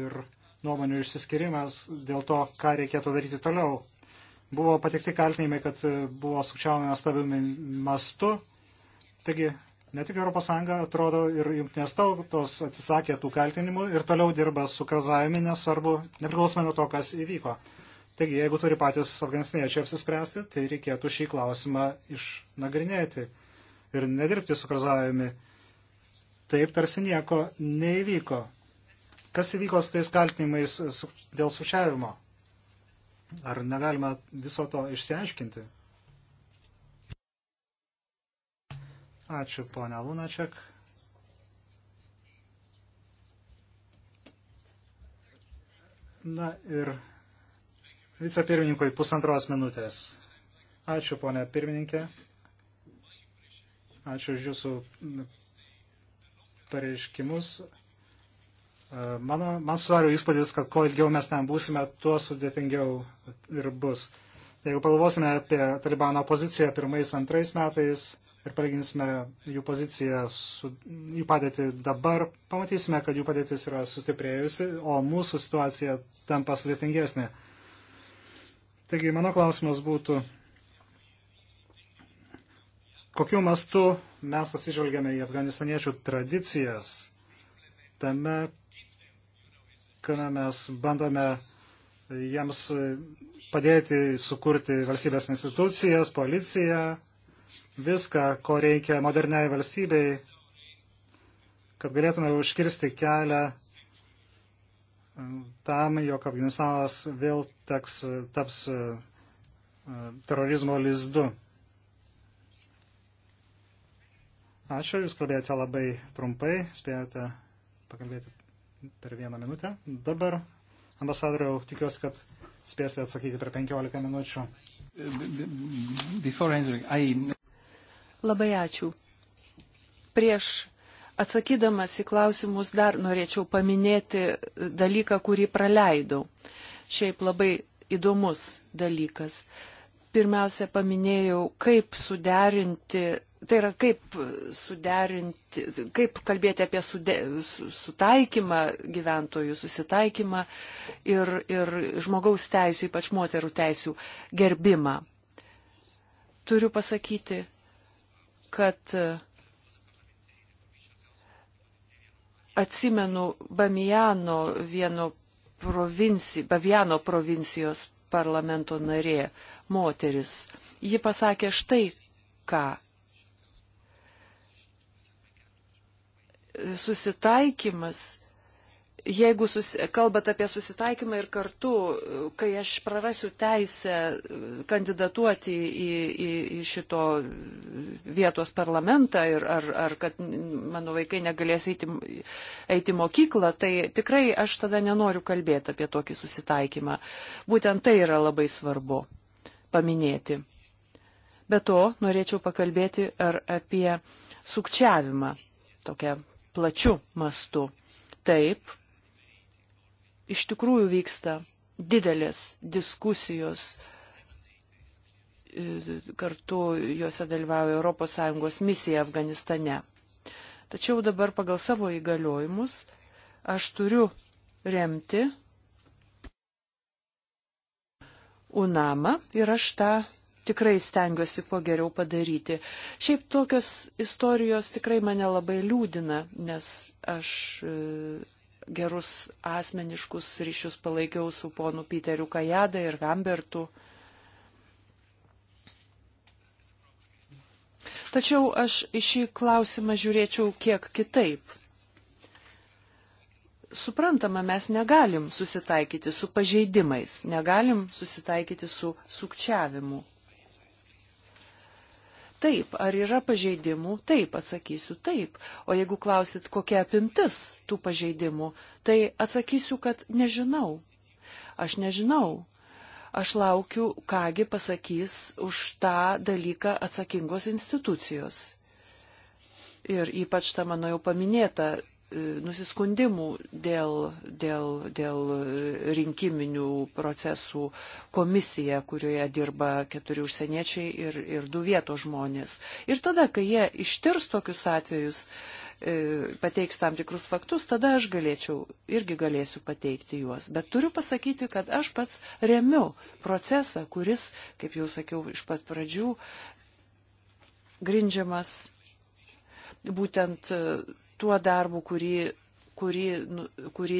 ir nuomonių išsiskirimas dėl to, ką reikėtų daryti toliau. Buvo patikti kaltinimai, kad buvo sukčiaujama stabimi mastu. Taigi, ne tik ES atrodo ir jungtinės tautos atsisakė tų kaltinimų ir toliau dirba su Kazajumi, nesvarbu, nepriklausomai nuo to, kas įvyko. Taigi, jeigu turi patys afganistaniečiai apsispręsti, tai reikėtų šį klausimą išnagrinėti ir nedirbti su Kazajumi. Taip tarsi nieko neįvyko. Kas įvyko su tais kaltinimais su, dėl sušiavimo? Ar negalima viso to išsiaiškinti? Ačiū, ponia Lunačiak. Na ir vicepirmininkui pusantros minutės. Ačiū, ponia pirmininkė. Ačiū už Jūsų pareiškimus. E, mano, man susidaro įspūdis, kad kuo ilgiau mes ten būsime, tuo sudėtingiau ir bus. Jeigu pagalvosime apie Talibano poziciją pirmais, antrais metais ir palyginsime jų poziciją su jų padėtį dabar, pamatysime, kad jų padėtis yra sustiprėjusi, o mūsų situacija tampa sudėtingesnė. Taigi, mano klausimas būtų, kokiu mastu mes atsižvelgiame į afganistaniečių tradicijas tame, kada mes bandome jiems padėti sukurti valstybės institucijas, policiją, viską, ko reikia moderniai valstybei, kad galėtume užkirsti kelią tam, jog Afganistanas vėl teks, taps e, terorizmo lizdu. Ačiū, jūs kalbėjote labai trumpai, spėjote pakalbėti per vieną minutę. Dabar, ambasadoriau, tikiuosi, kad spėsite atsakyti per 15 minučių. I... Labai ačiū. Prieš atsakydamas į klausimus dar norėčiau paminėti dalyką, kurį praleidau. Šiaip labai įdomus dalykas. Pirmiausia, paminėjau, kaip suderinti Tai yra kaip suderinti, kaip kalbėti apie sude, sutaikymą gyventojų, susitaikymą ir, ir žmogaus teisų, ypač moterų teisų gerbimą. Turiu pasakyti, kad atsimenu Bamijano vieno provinci, Baviano provincijos parlamento narė, moteris. Ji pasakė štai ką susitaikymas, jeigu susi, kalbat apie susitaikymą ir kartu, kai aš prarasiu teisę e, kandidatuoti į, į, į šito vietos parlamentą ir ar, ar kad mano vaikai negalės eiti, eiti mokyklą, tai tikrai aš tada nenoriu kalbėti apie tokį susitaikymą. Būtent tai yra labai svarbu paminėti. Be to, norėčiau pakalbėti ir apie sukčiavimą, tokią plačiu mastu. Taip, iš tikrųjų vyksta didelės diskusijos, e, kartu juose dalyvauja ES misija Afganistane. Tačiau dabar pagal savo įgaliojimus aš turiu remti UNAMA ir aš tą tikrai stengiuosi kuo geriau padaryti. Šiaip tokios istorijos tikrai mane labai liūdina, nes aš e, gerus asmeniškus ryšius palaikiau su ponu Piteriu Kajada ir Gambertu. Tačiau aš į šį klausimą žiūrėčiau kiek kitaip. Suprantama, mes negalim susitaikyti su pažeidimais, negalim susitaikyti su sukčiavimu. Taip, ar yra pažeidimų? Taip, atsakysiu taip. O jeigu klausit, kokia apimtis tų pažeidimų, tai atsakysiu, kad nežinau. Aš nežinau. Aš laukiu, kągi pasakys už tą dalyką atsakingos institucijos. Ir ypač ta mano jau paminėta E, nusiskundimų dėl, dėl, dėl rinkiminių procesų komisija, kurioje dirba keturi užsieniečiai ir, ir du vietos žmonės. Ir tada, kai jie ištirs tokius atvejus, e, pateiks tam tikrus faktus, tada aš galėčiau, irgi galėsiu pateikti juos. Bet turiu pasakyti, kad aš pats remiu procesą, kuris, kaip jau sakiau iš pat pradžių, grindžiamas būtent tuo darbu, kurį, kurį, nu, kurį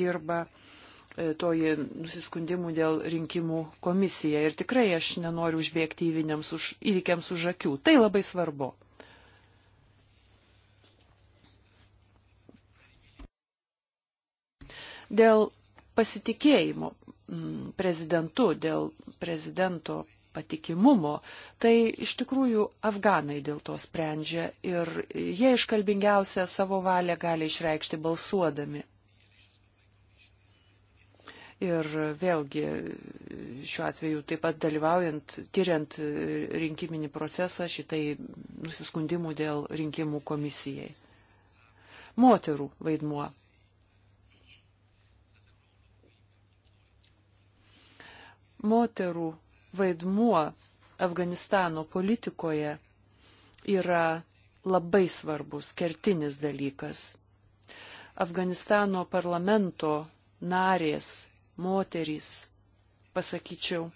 dirba e, toji nusiskundimų dėl rinkimų komisija. Ir tikrai aš nenoriu užbėgti už, įvykiams už akių. Tai labai svarbu. Dėl pasitikėjimo mm, prezidentu, dėl prezidento patikimumo, tai iš tikrųjų afganai dėl to sprendžia ir jie iškalbingiausią savo valią gali išreikšti balsuodami. Ir vėlgi šiuo atveju taip pat dalyvaujant, tyriant rinkiminį procesą šitai nusiskundimų dėl rinkimų komisijai. Moterų vaidmuo. Moterų vaidmuo Afganistano politikoje yra labai svarbus, kertinis dalykas. Afganistano parlamento narės, moterys, pasakyčiau,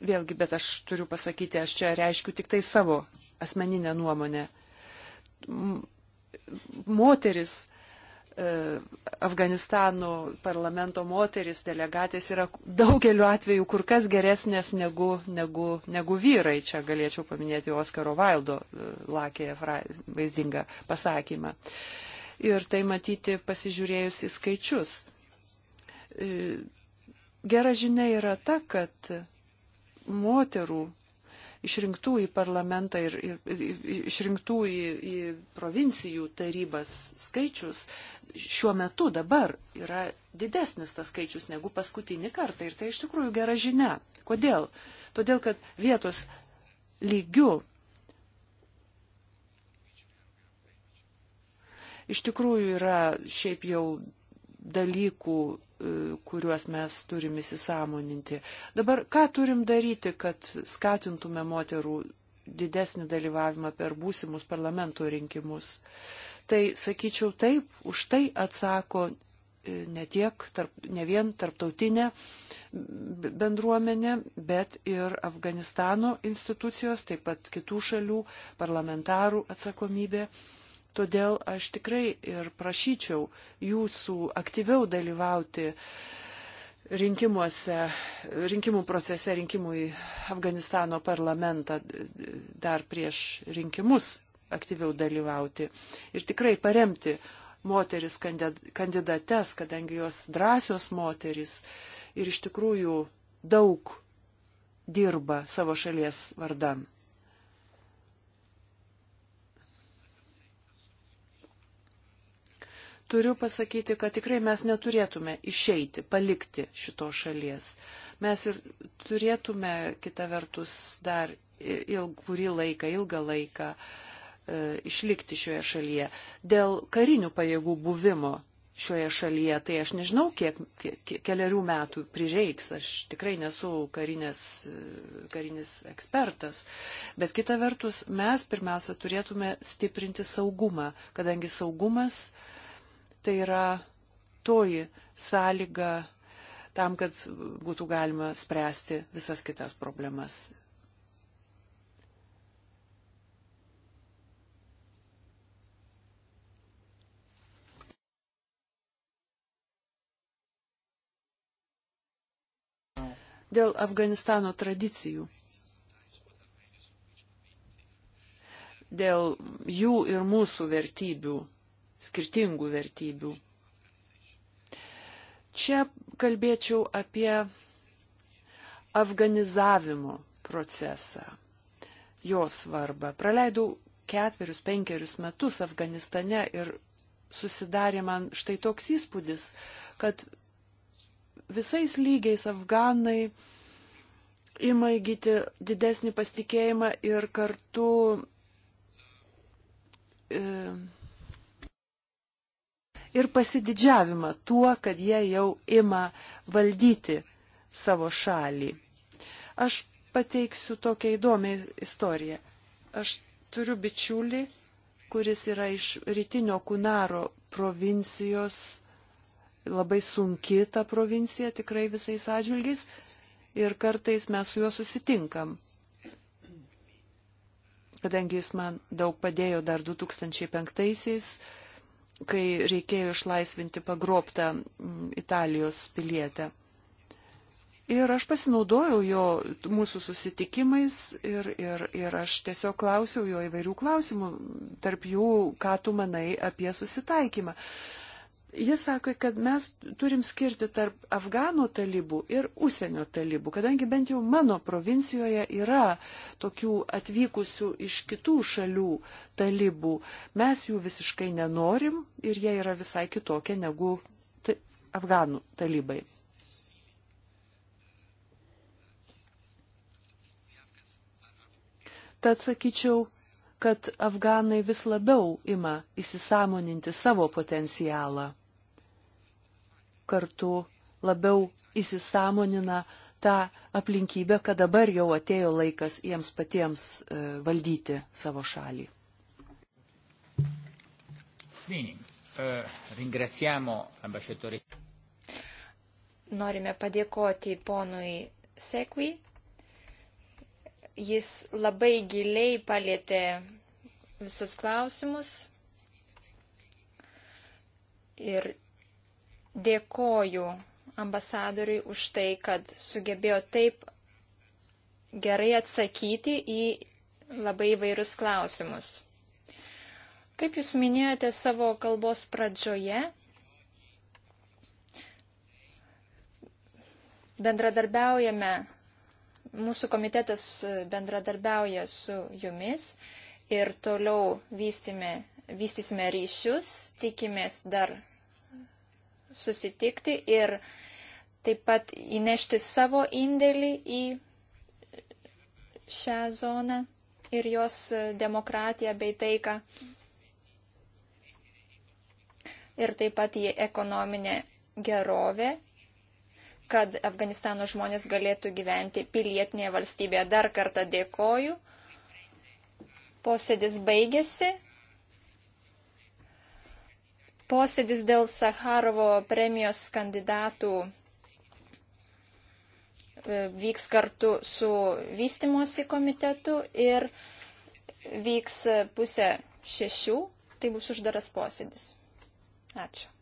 vėlgi, bet aš turiu pasakyti, aš čia reiškiu tik tai savo asmeninę nuomonę. Moteris E, Afganistano parlamento moteris delegatės yra daugeliu atveju kur kas geresnės negu, negu, negu vyrai. Čia galėčiau paminėti Oskaro Vaildo e, lakėje vaizdingą pasakymą. Ir tai matyti pasižiūrėjus į skaičius. E, gera žinia yra ta, kad moterų išrinktų į parlamentą ir, ir išrinktų į, į provincijų tarybas skaičius šiuo metu dabar yra didesnis tas skaičius negu paskutinį kartą. Ir tai iš tikrųjų gera žinia. Kodėl? Todėl, kad vietos lygių iš tikrųjų yra šiaip jau dalykų kuriuos mes turim įsisamoninti. Dabar ką turim daryti, kad skatintume moterų didesnį dalyvavimą per būsimus parlamento rinkimus? Tai, sakyčiau, taip, už tai atsako e, ne, tiek, tarp, ne vien tarptautinė bendruomenė, bet ir Afganistano institucijos, taip pat kitų šalių parlamentarų atsakomybė. Todėl aš tikrai ir prašyčiau jūsų aktyviau dalyvauti rinkimuose, rinkimų procese, rinkimų į Afganistano parlamentą dar prieš rinkimus aktyviau dalyvauti ir tikrai paremti moteris kandidates, kadangi jos drąsios moteris ir iš tikrųjų daug dirba savo šalies vardan. turiu pasakyti, kad tikrai mes neturėtume išeiti, palikti šito šalies. Mes ir turėtume, kita vertus, dar ilg, kurį laiką, ilgą laiką e, išlikti šioje šalyje. Dėl karinių pajėgų buvimo šioje šalyje, tai aš nežinau, kiek, kiek keliarių metų prireiks, aš tikrai nesu karinės, e, karinis ekspertas, bet kita vertus, mes pirmiausia turėtume stiprinti saugumą, kadangi saugumas uh, Tai yra toji sąlyga tam, kad būtų galima spręsti visas kitas problemas. Dėl Afganistano tradicijų. Dėl jų ir mūsų vertybių skirtingų vertybių. Čia kalbėčiau apie afganizavimo procesą, jo svarbą. Praleidau ketverius, penkerius metus Afganistane ir susidarė man štai toks įspūdis, kad visais lygiais afganai ima įgyti didesnį pasitikėjimą ir kartu e, ir pasididžiavimą tuo, kad jie jau ima valdyti savo šalį. Aš pateiksiu tokią įdomią istoriją. Aš turiu bičiulį, kuris yra iš rytinio Kunaro provincijos, labai sunki ta provincija tikrai visais atžvilgiais ir kartais mes su juo susitinkam. Kadangi jis man daug padėjo dar 2005-aisiais, kai reikėjo išlaisvinti pagrobtą mm, Italijos pilietę. Ir aš pasinaudojau jo mūsų susitikimais ir, ir, ir aš tiesiog klausiau jo įvairių klausimų, tarp jų, ką tu manai apie susitaikymą. Jis sako, kad mes turim skirti tarp Afgano talibų ir užsienio talibų, kadangi bent jau mano provincijoje yra tokių atvykusių iš kitų šalių talibų. Mes jų visiškai nenorim ir jie yra visai kitokie negu ta Afganų talibai. Tad sakyčiau, kad afganai vis labiau ima įsisamoninti savo potencialą kartu labiau įsisamonina tą aplinkybę, kad dabar jau atėjo laikas jiems patiems e, valdyti savo šalį. E, Norime padėkoti ponui Sekui. Jis labai giliai palėtė visus klausimus ir Dėkoju ambasadoriui už tai, kad sugebėjo taip gerai atsakyti į labai vairius klausimus. Kaip Jūs minėjote savo kalbos pradžioje, bendradarbiaujame, mūsų komitetas bendradarbiauja su Jumis ir toliau vystime, vystysime ryšius, tikimės dar susitikti ir taip pat įnešti savo indėlį į šią zoną ir jos demokratiją bei taiką. Ir taip pat į ekonominę gerovę, kad Afganistano žmonės galėtų gyventi pilietinėje valstybėje. Dar kartą dėkoju. Posėdis baigėsi posėdis dėl Sakarovo premijos kandidatų e, vyks kartu su vystimosi komitetu ir vyks pusę šešių. Tai bus uždaras posėdis. Ačiū.